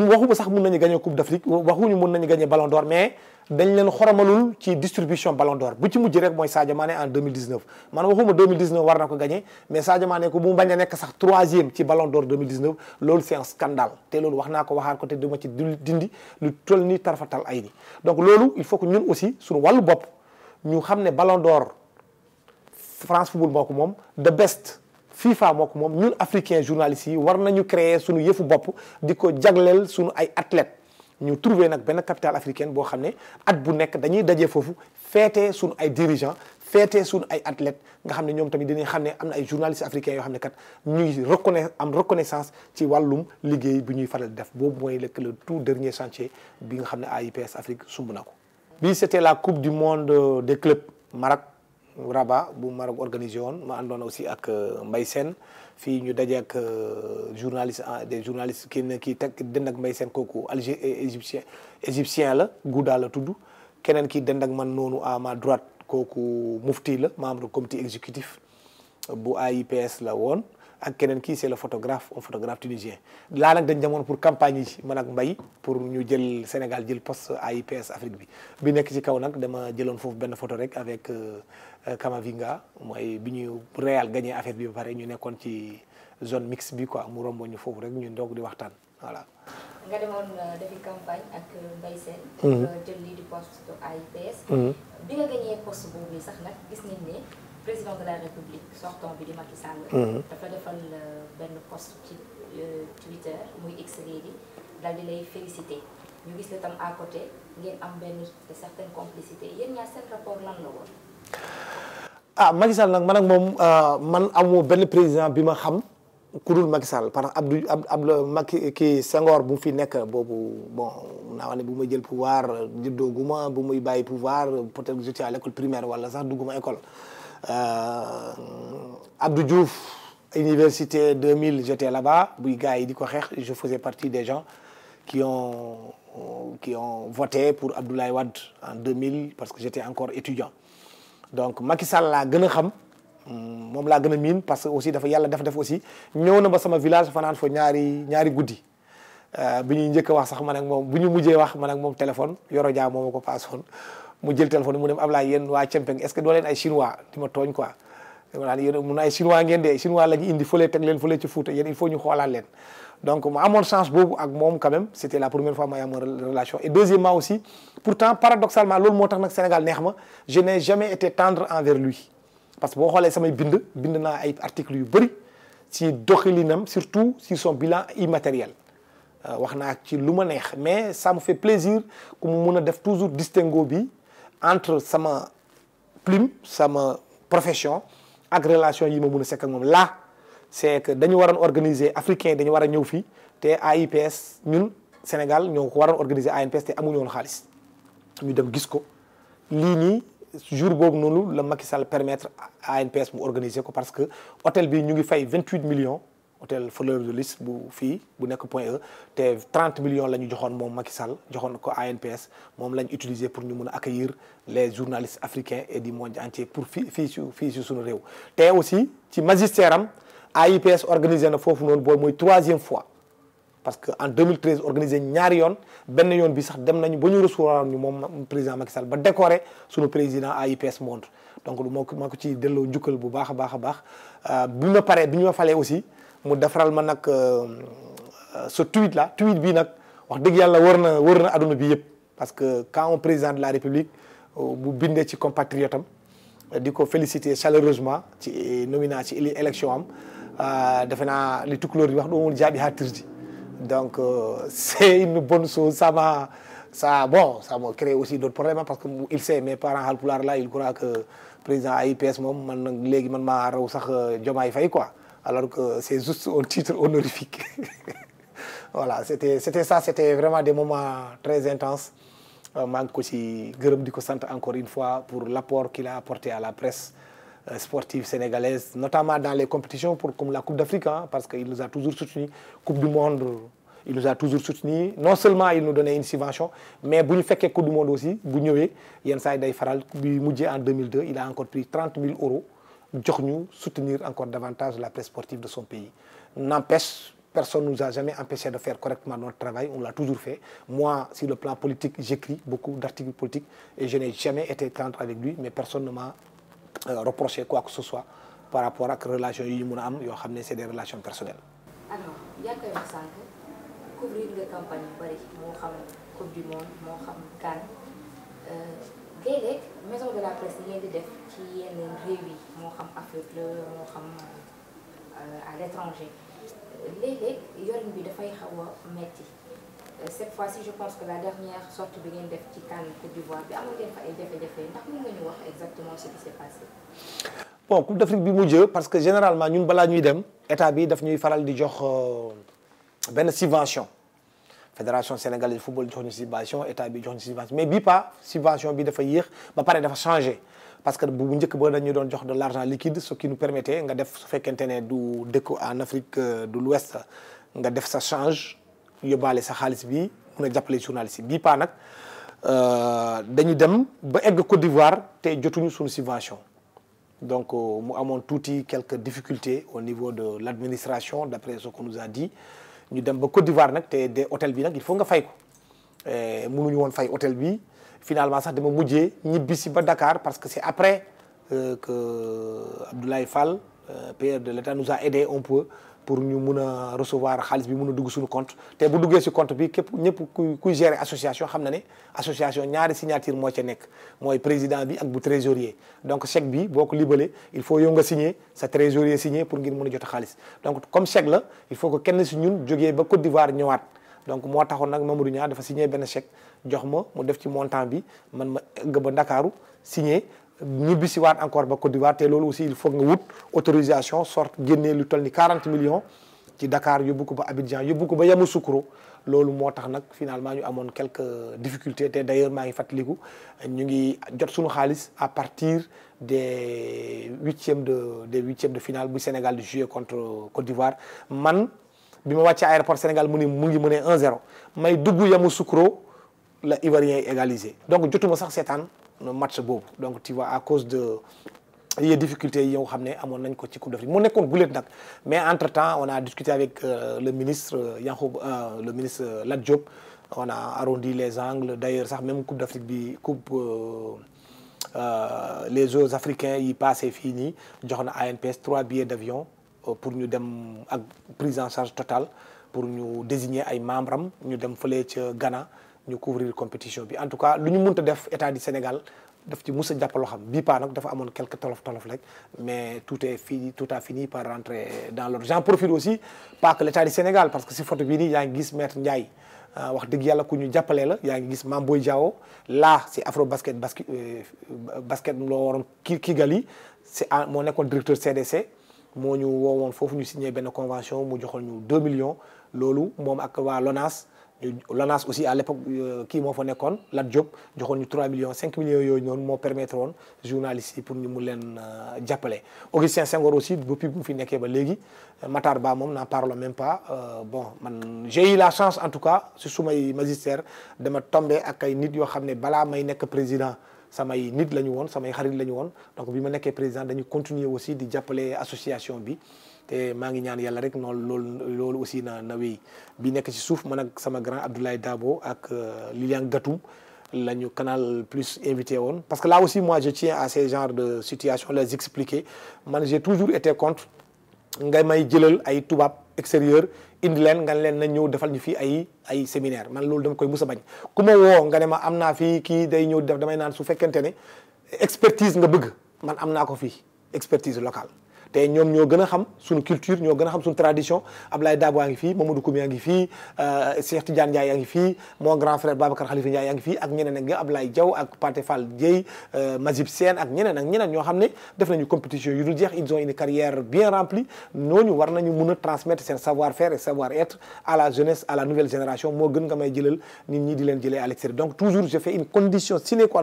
waxuma sax mun nañu gagné coupe d'Afrique waxuñu mun nañu gañee ballon d'or mais dañ leen xoromalul ci distribution ballon d'or bu ci mujj rek mooy Sadio Mané en 2019 man waxuma 2019 war na ko gagné mais Sadio Mané ko bu mu bañ a nekk sax troisième ci ballon d'or 2019 loolu c'est un scandale te loolu wax naa ko waxaat ko te ma ci dindi lu toll ni tarfatal ay ni donc loolu il faut que ñun aussi suñu wàllu bopp ñu xam ne ballon d'or France Football ko moom the best FIFA moo ko moom ñun africain journalistes yi war nañu créer suñu yëfu bopp di ko jagleel suñu ay athlètes ñu trouver nag benn capitale africaine boo xam ne at bu nekk dañuy dajee foofu feete sunu ay dirigeants feete sunu ay athlètes nga xam ne ñoom tamit dinañ xam ne am na ay journalistes africains yoo xam ne kat ñuy reconna am reconnaissance ci wàllum liggéey bi ñuy faral def boobu mooy lekk le tout dernier chantier bi nga xam ne AIPS Afrique sumb na ko. bii c'était la coupe du monde des clubs Rabat bu Maroc organisé woon ma àndoon aussi ak euh, Mbaye Sène fii ñu daje ak euh, journaliste ah, des journalistes kii na kii teg dënd ak Mbaye kooku algé euh, égyptien égyptien la Gouda la tudd keneen kii dënd ak man noonu à ma droite kooku Mufti la membre comité exécutif bu AIPS la woon ak keneen kii c'est le photographe un photographe tunisien laa nag dañ demoon pour campagne yi man ak Mbaye pour ñu jël Sénégal jël poste AIPS Afrique bi bi nekk ci kaw nag dama jëloon foofu benn photo rek avec Euh, Kamavinga mooy bi ñu Real gagné affaire bi ba pare ñu nekkoon ci zone mix bi quoi mu rombo ñu foofu rek ñu ndoog di waxtaan voilà. nga demoon euh, defi campagne ak euh, Mbaye Sène. Mm-hmm. jël lii di poste AIPS. Mm-hmm. bi nga gagné poste boobu sax nag gis nañ ne président de la république sortant bi di Macky mm-hmm. dafa defal benn poste ci Twitter muy X léegi di lay félicité ñu gis la tam à côté ngeen am benn certaine complicité yéen ñaar seen rapport lan la woon. ah Macky nag man nag moom euh, man amu benn président bi ma xam ku dul Macky Sall par Abdou ab ab Macky kii Senghor bu fi nekk boobu bon naa wax ne bu ma jël pouvoir juddooguma bu muy bàyyi pouvoir peut-être que j'étais à l'école primaire wala sax dugguma école euh, Abdou Diouf université 2000 j'étais là-bas buy gars yi di ko xeex je faisais partie des gens qui ont qui ont voté pour Abdoulaye Wade en 2000 parce que j'étais encore étudiant donc Macky Sall laa gën a xam mm, moom laa gën a miin parce que aussi dafa yàlla def def aussi ñëw na ba sama village fanaan fa ñaari ñaari guddi euh, bi ñuy njëkk a wax sax man ak moom bu ñu mujjee wax man ak moom téléphone yoro jaamoo moom ko paasoon mu jël téléphone mu dem Ablaye yéen waa Cempeng est-ce que doo ay chinois di tooñ quoi mun ay chinois ngeen de chinois la ñu indi fële teg leen fële ci Fuuta yéen il ñu xoolaat leen donc mu amoon chance boobu ak moom quand même c' était la première fois may am relation et deuxièmement aussi pourtant paradoxalement loolu moo tax nag Sénégal neex ma je n'ai jamais été tendre envers lui parce que boo xoolee samay bind bind naa ay articles yu bëri ci doxilinam surtout sur son bilan immatériel euh, wax naa ci lu ma neex mais ça me fait plaisir ku mu mun a def toujours distinguo bi entre sama plume sama profession ak relation yi ma mun a sekk ak moom c'est que dañu waroon organiser africain dañu war a ñëw fii te AIPS ñun Sénégal ñoo ko waroon organiser ANPS te amuñu woon xaalis ñu dem gis ko lii nii jour boobu noonu la Macky Sall permettre ANPS mu organiser ko parce que hôtel bi ñu ngi fay 28 millions hôtel Fleur de Lys bu fii bu nekk Point E te 30 millions la ñu joxoon moom Macky Sall joxoon ko ANPS moom la ñu utiliser pour ñu mun a accueillir les journalistes africains et du entier pour fii fii si fii si suñu réew te aussi ci magistère am AIPS organisé na foofu noonu booy mooy troisième fois parce que en 2013 organisé ñaari yoon benn yoon bi sax dem nañu ba ñu recevoir ñu moom président Macky Sall ba décoré suñu président AIPS monde donc moo ko maa ko ci delloo njukkal bu baax a baax a baax euh, bi ma paree bi ñu ma falee aussi mu defaral ma nag euh, ce tweet la tweet bii nag wax dëgg yàlla wër na wër na adduna bi yëpp parce que quand un président de la république euh, bu bindee ci compatriotam di ko féliciter chaleureusement ci nomination ci élection Euh, defe naa li tukulóor di wax ɗomol jaaɓi ha tirdi donc euh, [LAUGHS] c'est une bonne chose ça m'a ça bon ça m'a créé aussi d'autres problèmes parce que il sait mes parents halpulaar la il croit que président AIPS moom man nag léegi man maa raw sax euh, Diomaye Faye quoi alors que c'est juste un titre honorifique [LAUGHS] voilà c'était c'était ça c'était vraiment des moments très intenses maa ngi ko ci gërëm di ko sant encore une fois pour l'apport qu'il a apporté à la presse Euh, sportive sénégalaise, notamment dans les compétitions pour, comme la Coupe d'Afrique, hein, parce qu'il nous a toujours soutenus, Coupe du Monde, il nous a toujours soutenus. Non seulement il nous donnait une subvention, mais si nous Coupe du Monde aussi, si nous avons Faral, en il a encore pris 30 000 euros pour nous soutenir encore davantage la presse sportive de son pays. N'empêche, personne ne nous a jamais empêché de faire correctement notre le plan Euh, reprocher quoi que ce soit par rapport ak relation yi ñu mën a am yoo xam ne c'est des relations personnelles. alors yaa ngi koy couvrir nga campagne bari moo xam coupe du monde moo xam CAN euh, léeg-léeg maison de la presse yi ngeen di def ci yenn réew yi moo xam Afrique la euh, yorin bi dafay xaw a metti Euh, cette fois ci je pense que la dernière sortie bi ngeen def ci CAN Côte d'Ivoire bi amoon ngeen fa ay jafe-jafe ndax mën nga ñu wax exactement ce qui s'est passé. bon Coupe d'Afrique bi mujj parce que généralement ñu balaa ñuy dem état bi daf ñuy faral di jox euh, benn subvention fédération sénégalaise de football jox ñu subvention état bi jox ñu subvention mais bii pas subvention bi dafa yéex ba pare dafa changé. parce que bu njëkk ba dañu doon jox de l' argent liquide ce qui def su fekkente ne du dëkk en Afrique euh, de l'Ouest nga def sa change. yóbbaale sa xaalis bi mun a jàppale journaliste yi bii paa nag euh, dañu dem ba egg Côte d'Ivoire te jotuñu suñu subvention donc euh, mu amoon tuuti quelque difficultés au niveau de l' administration d' après ce qu'on nous a ñu dem ba Côte d'Ivoire nag te de hôtel bi nag il faut nga fay ko mënuñu woon fay hôtel bi finalement sax dama mujjee ñibbi si ba Dakar parce que c' est après euh, que Abdoulaye Fall PR de l' État nous a aidé un peu pour ñu mun a recevoir xaalis bi mun a dugg suñu compte te bu duggee si compte bi képp ñëpp kuy kuy gérer association xam na ne association ñaari signature moo ci nekk mooy président bi ak bu trésorier donc chèque bi boo ko libalee il faut yow nga signer sa trésorier signer pour ngir mun a jot xaalis donc comme chèque la il faut que kenn si ñun jógee ba Côte d'Ivoire ñëwaat donc moo taxoon nag Mamadou Niang dafa signer benn chèque jox ma mu def ci montant bi man ma egg ba Ndakaaru signer ñibbisiwaat encore ba Côte d'Ivoire te loolu aussi il faut nga wut autorisation sorte génnee lu toll ni 40 millions ci Dakar yóbbu ko ba Abidjan yóbbu ko ba Yamoussoukro loolu moo tax nag finalement ñu amoon quelque difficultés te d'ailleurs maa ngi fàttaliku ñu ngi jot suñu xaalis à partir de huitièmes de des huitièmes de finale bu Sénégal di jouer contre Côte d'Ivoire man bi ma wàccee aéroport Sénégal mu ni mu ngi mënee 1-0 may dugg Yamoussoukro la Ivoirien yi donc jotuma sax seetaan match boobu donc tu waa a cause de les difficultés yow xam ne amoon nañ ko ci Coupe d'Afrique mu nekkoon guléet nag mais entre temps on a discuté avec euh, le ministre euh, Yankhoba euh, le ministre Lat Diop on a arrondi les angles d'ailleurs sax même Coupe d'Afrique bi coupe les Jeux africains yi passé fii nii jox na ANPS trois billets d'avion pour ñu dem ak prise en charge totale pour ñu désigner ay membre am ñu dem fële ca ñu couvrir compétition bi en tout cas lu ñu mënta def état du Sénégal daf ci mus a jàppaloo xam bii paa nag dafa amoon quelques tolof tolof rek mais tout est fini a fini par rentrer dans l'ordre j'en profite aussi que parce que si foto bii nii yaa ngi gis maître euh, wax dëgg yàlla ku ñu jàppalee la yaa ngi gis Mame Boye Diao là si afro basket basket euh, basket loo waroon ki Kigali c'est moo nekkoon directeur CDC moo ñu woowoon foofu ñu signé benn convention mu joxoon ñu 2 millions loolu moom l'ONAS aussi à l'époque euh, kii moo fa nekkoon Lat Diop joxoon ñu 3 millions cinq millions yooyu noonu moo permettre woon journalistes yi pour ñu mu leen euh, jàppale Augustin Senghor aussi depuis bu fi nekkee ba léegi Matar Ba moom n'en parle même pas euh, bon man la chance en tout cas si sumay magistère dama tombé ak ay nit yoo xam ne balaa may nekk président samay nit la ñu woon samay xarit la ñu woon donc bi ma nekkee président dañu continuer aussi di jàppale association bi te maa ngi ñaan yàlla rek noonu loolu loolu aussi na na bi nekk ci suuf man ak sama grand Abdoulaye Dabo ak euh, Lilian Gatoum la ñu Canal Plus invité woon parce que là aussi moi je tiens à ces genre de situation les expliquer man j'ai toujours été contre nga may jëlal ay tubaab extérieur indi leen nga leen na ñëw defal ñu fii ay ay séminaire man loolu dama koy mus a bañ ku ma woo nga ne ma am naa fii kii day ñëw def damay naan su fekkente ne expertise nga bëgg man am naa ko fii expertise locale te ñoom ñoo gën a xam suñu culture ñoo gën a xam suñu tradition Ablaye Dabo a ngi fii Mamadou Koumi a ngi fii euh, Cheikh Tidiane Ndiaye a ngi fii mon grand frère Babacar Khalifa Ndiaye a ngi fii ak ñeneen ak Ablaye Diaw ak Pathé Fall Dieye euh, Mazib Sène ak ñeneen ak ñeneen ñoo xam ne def nañu compétition yu dul jeex ils ont une carrière bien remplie ñooñu war nañu mun a transmettre seen savoir faire et savoir être à la jeunesse à la nouvelle génération moo gën nga may jëlal nit ñi di leen jëlee à l'extérieur donc toujours je fais une condition sine qua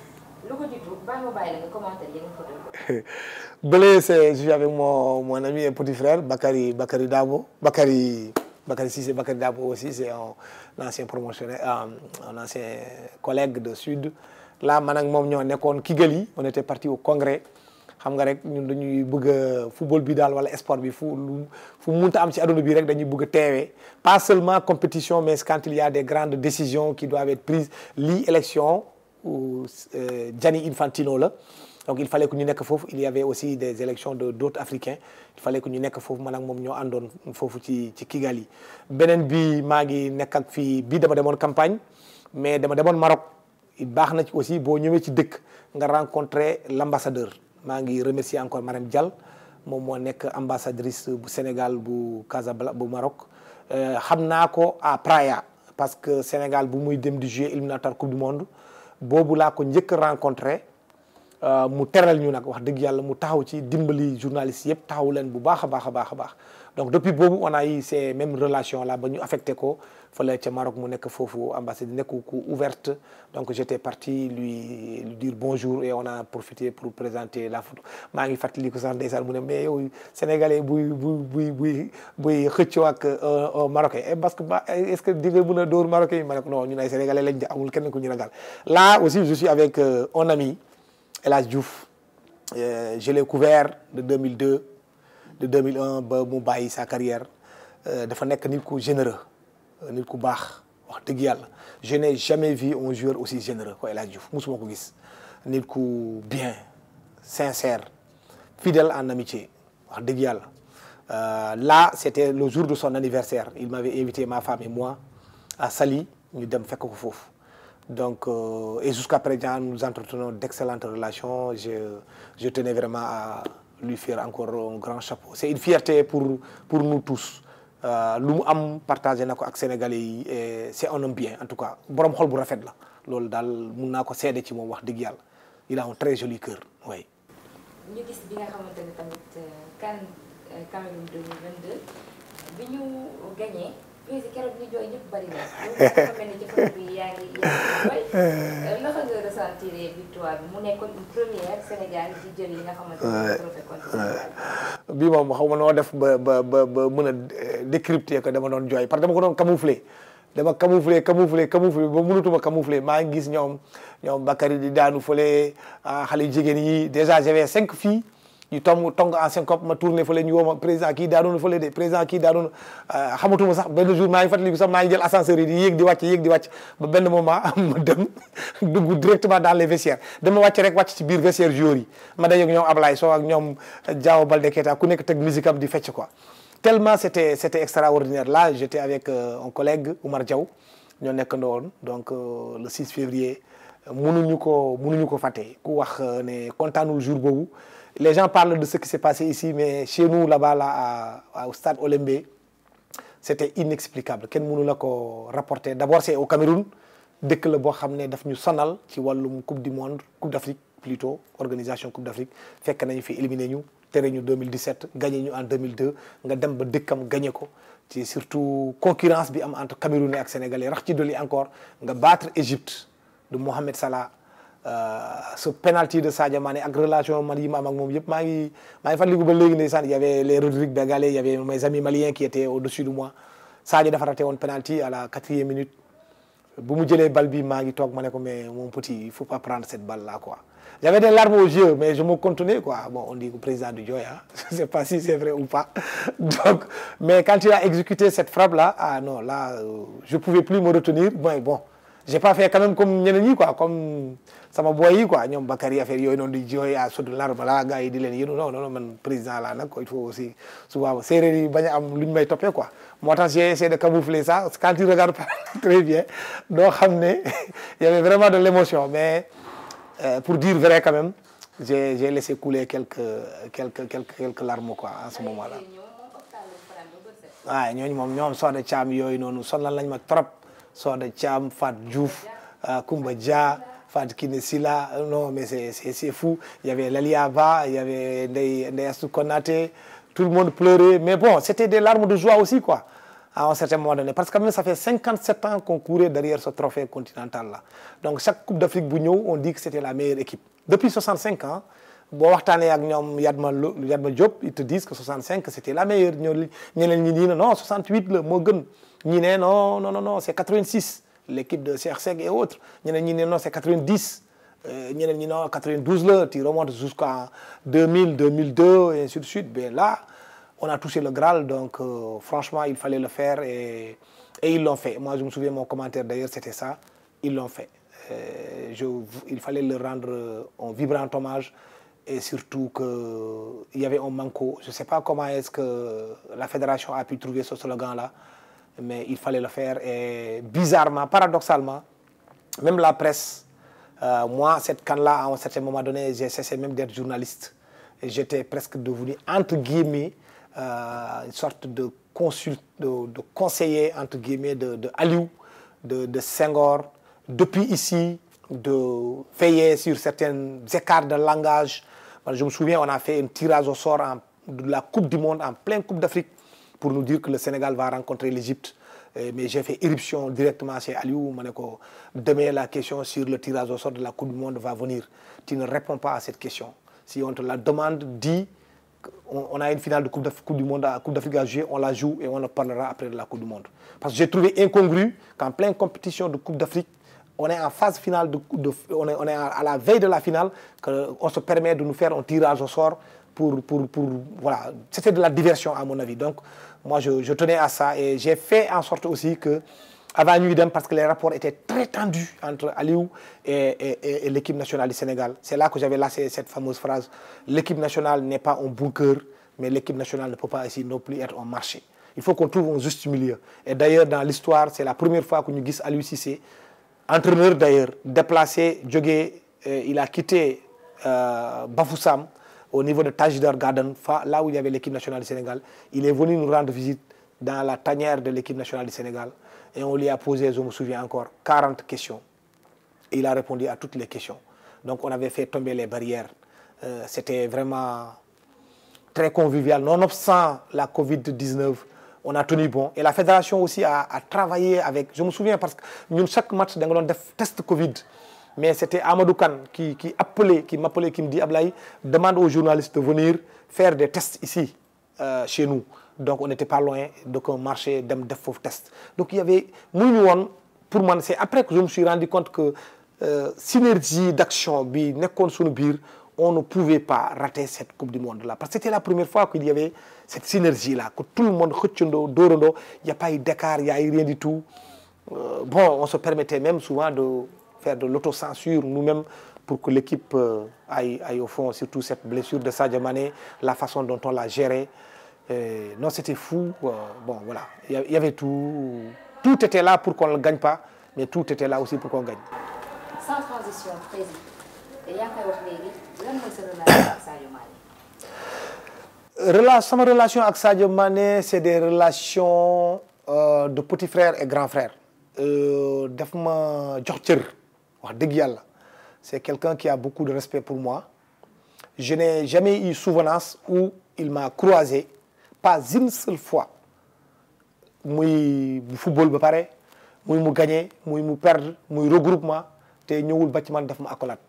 lu ko jiitu bàyyi ma bàyyi la nga [LAUGHS] avec mon ami et petit frère Bakary Bakary Dabo Bakary Bakary Cissé Bakary Dabo aussi c'est un ancien promotionnaire en euh, ancien collègue de Sud. la man ak moom ñoo nekkoon Kigali on était parti au congrès xam nga rek ñun dañuy bëgg a football bi daal wala sport bi fu lu fu munta am si àdduna bi rek dañuy bëgg a teewee pas seulement compétition mais quand il y a des grandes décisions qui doivent être prises lii élection où euh, Gianni Infantino la donc il fallait ku ñu nekk foofu il y aussi des élections de d'autres Africains il fallait que ñu nekk foofu man moom ñoo andoon foofu ci ci Kigali beneen bi maa ngi nekk ak fii bii dama demoon campagne mais dama demoon Maroc baax na ci aussi boo ñëwee ci dëkk nga rencontrer l'ambassadeur maa ngi remercier encore Marème Dial moom moo nekk ambassadrice bu Sénégal bu Casablanca bu Maroc euh, xam naa ko à Praia parce que Sénégal bu muy dem di jouer éliminatoire coupe du boobu laa ko njëkk rencontré euh, mu teral ñu nag wax dëgg yàlla mu taxaw ci dimbali journaliste yëpp taxaw leen bu baax a baax a baax a baax donc depuis boobu on a eu ces mêmes relations là ba ñu affecté ko fële ca Maroc mu nekk foofu ambassade nekku ku ouverte donc j'étais parti lui lui diir bonjour et on a profité pour présenter la photo maa ngi fàttali ko sax ndeysaan mu ne mais yow sénégalais buy buy buy buy buy xëccoo ak euh, euh, marocain et eh, parce que eh, est-ce que di nga dóor marocain ma ne ko non ñun ay sénégalais ñu ragal là aussi je suis avec euh, un ami El Hadj Diouf je l'ai couvert de 2002 de ba mu bàyyi sa carrière dafa nekk nit ku généreux nit ku baax wax dëgg yàlla je n'ai jamais vu un joueur aussi généreux ko El Hadj Diouf musuma ko gis nit ku bien sincère fidèle en amitié wax dëgg yàlla euh, là c'était le jour de son anniversaire il m'avait invité ma femme et moi à sali ñu dem fekk ko foofu donc euh, et jusqu'à présent nous entretenons d'excellentes relations je tenais vraiment à lui faire encore un grand chapeau c'est une fierté pour pour nous tous Euh, lu mu am partagé na ko ak sénégal yi c'est un homme bien en tout cas borom xol bu rafet la loolu daal mun naa ko seede ci moom wax dëgg yàlla il a un très joli cœur waaye. ñu gis bi nga xamante ne tamit CAN euh, euh, Cameroun 2022 bi ñu gagné. Eh. prise moom xaw ma noo def ba ba ba ba mën ko eh, dama doon jooy parce que dama ko doon camoufler dama camoufler camoufler camoufler ba mënatuma camoufler maa ngi gis ñoom ñoom Bakary di daanu fële ah, xale jigéen yi déjà j'avais cinq fii ñu tong tong en syncope ma tourné fële ñu woo ma président kii daanu na fële de président kii daanu euh, na xamatuma sax benn jour maa ngi fàttaliku sax maa ngi jël ascenseur yi di yéeg di wàcc yéeg di wàcc ba benn moment [LAUGHS] ma dem [LAUGHS] dugg directement dans les vestiaires dama wàcc rek wàcc ci biir vestiaire joueurs yi ma dajeeg ñoom Ablaye Sow ak ñoom Diao Baldé Keita ku nekk teg musique am di fecc quoi tellement c'était c'était extraordinaire là j'étais avec euh, un collègue Oumar Diaw euh, mënuñu ko fàtte wax ne kontaanul jour boobu les gens parlent de ce qui s'est passé ici, mais chez nous, là-bas, là, à, à, au stade Olembe, c'était inexplicable. Quel monde l'a rapporté D'abord, c'est au Cameroun, la boo xam ne daf ñu Sonal, ci voit la Coupe du Monde, Coupe d'Afrique plutôt, organisation Coupe d'Afrique, fait fi a ñu tere ñu terrain 2017, gagné nous en ba dëkkam a ko ci surtout concurrence bi am entre Cameroun ak Sénégalais rax ci dolli encore nga battre Égypte de Mohamed Salah ce euh, penalty de Sadio Mané ak relation man yi ma am ak moom yëpp maa ngi maa ngi fàttaliku ba léegi ndeysaan y avait les Rodrigue Bengalais y avait mes amis maliens qui étaient au-dessus de moi Sadio dafa raté woon penalty à la quatrième minute bu mu jëlee bal bi maa ngi toog ma ne ko mais mon petit il faut pas prendre cette balle là quoi j'avais des larmes aux yeux mais je me contenais quoi bon on dit que président du jooy ah [LAUGHS] je sais pas si c'est vrai ou pas [LAUGHS] donc mais quand il a exécuté cette frappe là ah non là euh, je pouvais plus me retenir mais bon j'ai pas fait quand même comme ñeneen ñi quoi comme sama boy yi quoi ñoom Bakary affaire yooyu noonu di jooy à sud larme la gars yi di leen yënu non man président la nag il faut aussi souvent séeréer yi bañ a am lu ñu may toppee quoi moo tax j'ai essayé de camoufler ça quand tu regardes très bien doo xam ne y avait vraiment de l'émotion mais euh, pour dire vrai quand même j'ai j'ai laissé couler quelques quelques quelques quelques larmes quoi en ce moment là waaw ñooñu moom ñoom Soda yooyu noonu sonal lañ ma trop Soda Thiam Fat Diouf Fatou Kiné Silla non mais c'est c'est c'est fou il y avait Laliaba il y avait Ndeye tout le monde pleurait mais bon c'était des larmes de joie aussi quoi à un certain moment donné parce que même ça fait 57 ans qu'on derrière ce trophée continental là donc chaque coupe d'Afrique bu on dit que c'était la meilleure équipe depuis 65 ans c'était la meilleure ñoo ñeneen ñi nii non 68 la moo gën ñi ne l'équipe de Cheikh Seck et autres ñeneen ñi ne non c'est 90 euh, ñeneen ñi non 92 là tu remontes jusqu'à 2000 2002 et ainsi de suite mais là on a touché le Graal donc euh, franchement il fallait le faire et et ils l'ont fait moi je me souviens mon commentaire d'ailleurs c'était ça ils l'ont fait euh, il fallait leur rendre euh, un vibrant hommage et surtout que il y avait un manco je sais pas comment est-ce que la fédération a pu trouver ce slogan mais il fallait le faire et bizarrement, paradoxalement, même la presse, euh, moi, cette canne-là, à un certain moment donné, j'ai cessé même d'être journaliste. J'étais presque devenu, entre guillemets, euh, une sorte de, consul, de, de, conseiller, entre guillemets, de, de Aliou, de, de Senghor, depuis ici, de veiller sur certains écarts de langage. Je me souviens, on a fait un tirage au sort en, de la Coupe du Monde, en pleine Coupe d'Afrique. pour nous dire que le Sénégal va rencontrer l'Égypte. Mais j'ai fait éruption directement chez Aliou Maneko. Demain, la question sur le tirage au sort de la Coupe du Monde va venir. Tu ne réponds pas à cette question. Si on te la demande, dis on a une finale de Coupe, du Monde, à Coupe d'Afrique à jouer, on la joue et on en parlera après de la Coupe du Monde. Parce que j'ai trouvé incongru qu'en pleine compétition de Coupe d'Afrique, on est en phase finale, de, de on, est, on, est, à la veille de la finale, qu'on se permet de nous faire un tirage au sort pour... pour, pour voilà, c'était de la diversion à mon avis. Donc, moi je, tenais à ça et j'ai sorte aussi que avant ñuy dem parce que les rapports étaient très tendus entre Aliou et, et, et l'équipe nationale du Sénégal c'est là que j'avais lancé cette fameuse phrase l'équipe nationale n'est pas un bunker mais l'équipe nationale ne peut pas ici non plus être un marché il faut qu'on trouve un juste milieu et d'ailleurs dans l'histoire c'est la première fois que ñu gis Aliou Cissé entraîneur d'ailleurs déplacé jógee euh, il a euh, au niveau de Tajidor Garden, là où il y avait l'équipe nationale du Sénégal. Il est venu nous rendre visite dans la tanière de l'équipe nationale du Sénégal. Et on lui a posé, je me souviens encore, 40 questions. Et il a répondu à toutes les questions. Donc on avait fait tomber les barrières. Euh, C'était vraiment très convivial. Nonobstant la Covid-19, on a tenu bon. Et la fédération aussi a, a, travaillé avec... Je me souviens parce que nous, chaque match, nous avons fait test Covid. mais c'était Amadou Khan qui, qui appelait, qui m'appelait, qui me dit Ablaï, demande aux journalistes de venir faire des tests ici, euh, chez nous. Donc on n'était pas loin, donc on marchait, d'un test. Donc il y avait, pour moi, c'est après que je me suis rendu compte que euh, synergie d'action, on ne pouvait pas rater cette Coupe du Monde-là. Parce que c'était la première fois qu'il y avait cette synergie-là, que tout le monde, il n'y a pas eu d'écart, il n'y a euh, même souvent de faire de l'autocensure nous-mêmes pour que l'équipe euh, aille, aille, au fond, surtout cette blessure de Sadio Mané, la façon dont on l'a gérée. non, c'était fou. Euh, bon, voilà, il y avait tout. était là pour qu'on ne gagne pas, mais tout était là aussi pour qu'on gagne. sama relation ak Sadio Mané c'est des relations euh, de petit frère et grand frère daf ma jox cër wax dëgg yàlla c'est quelqu'un qui a beaucoup de respect pour moi je n'ai jamais eu souvenance où il m'a croisé pas une seule fois muy football ba pare muy mu gagné muy mu perdre muy regroupement te ñëwul ba ci man daf ma accolade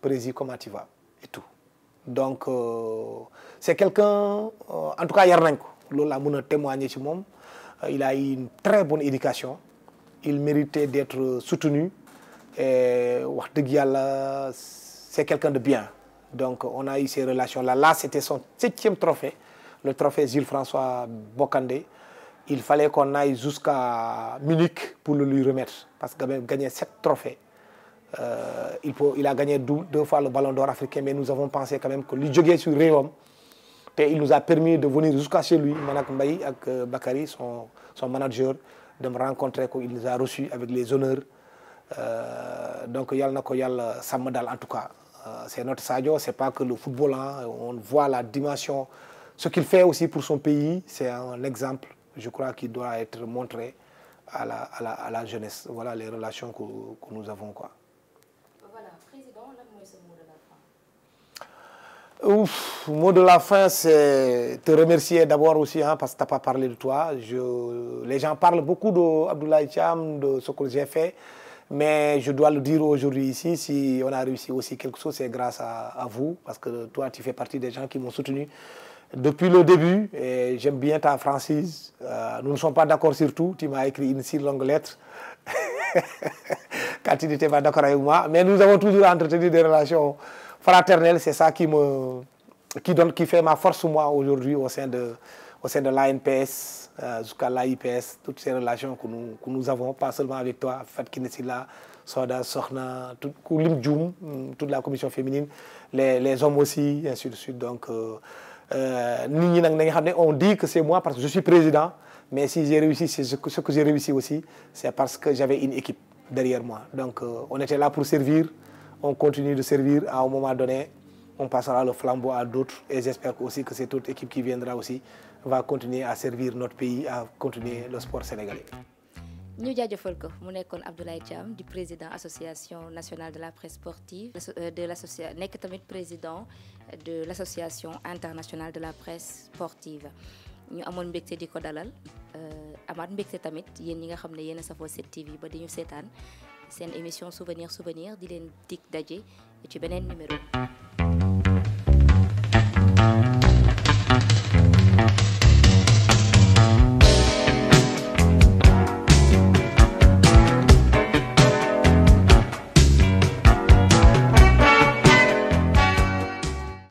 prési comment tu et tout donc euh, c'est quelqu'un euh, en tout cas yar nañ ko loolu laa mën a témoigner ci moom euh, il a eu une très bonne éducation il méritait d'être soutenu et wax dëgg yàlla c'est quelqu'un de bien donc on a eu ces relations là là c'était son septième trophée le trophée Jules François Bocandé il fallait qu'on aille jusqu'à Munich pour le lui remettre parce que même gagné sept trophées euh, il il a gagné deux fois le Ballon d'Or africain mais nous avons pensé quand même que lu jógee sur réewam te il nous a permis de venir jusqu'à chez lui man ak Mbaye ak euh, Bakary son son manager de me rencontrer ko il nous a reçu les honneurs Euh, donc yàlla na ko yàlla sàmm daal en tout cas euh, c'est notre Sadio c'est pas que le football hein, on voit la dimension ce qu'il fait aussi pour son pays c'est un exemple je crois qui doit être montré à la à la à la jeunesse voilà les relations que que nous avons quoi. voilà président lan mooy sa mot de la fin. ouf mot de la fin c'est te remercier d'abord aussi hein, parce que t'as pas parlé de toi je les gens parlent beaucoup de Abdoulaye Thiam de ce que j'ai fait. Mais je dois le dire aujourd'hui ici, si on a réussi aussi quelque chose, c'est grâce à, à, vous, parce que toi, tu fais partie des gens qui m'ont soutenu depuis le début. Et j'aime bien ta franchise. Euh, nous ne sommes pas d'accord sur tout. Tu m'as écrit une si longue lettre. [LAUGHS] Quand tu n'étais pas d'accord avec moi. Mais nous avons toujours entretenu des relations fraternelles. C'est ça qui me qui donne, qui fait ma force moi aujourd'hui au sein de, au sein de l'ANPS. euh, jusqu'à l'AIPS, toutes ces relations que nous, que nous avons, pas seulement avec toi, Fat Kinesila, Soda, Sorna, tout, Koulim Djoum, toute la commission féminine, les, les hommes aussi, et ainsi de suite. Donc, euh, euh on dit que c'est moi parce que je suis président, mais si j'ai réussi, c'est aussi, c'est parce que j'avais une équipe derrière moi. Donc, euh, on était là pour servir, on continue de servir. À un moment donné, on passera le flambeau à d'autres et j'espère aussi que c'est toute aussi va continuer à servir notre pays à continuer le sport sénégalais. ñu jaajëfal ko mu nekkoon Abdoulaye Thiam di président association nationale de la presse sportive euh, de l'association nekk tamit président de l'association internationale de la presse sportive ñu amoon mbégte di ko dalal euh, amaat mbégte tamit yéen ñi nga xam ne yéen sa safoo 7TV ba di ñu seetaan seen émission souvenir souvenir di leen dig daje ci beneen numéro.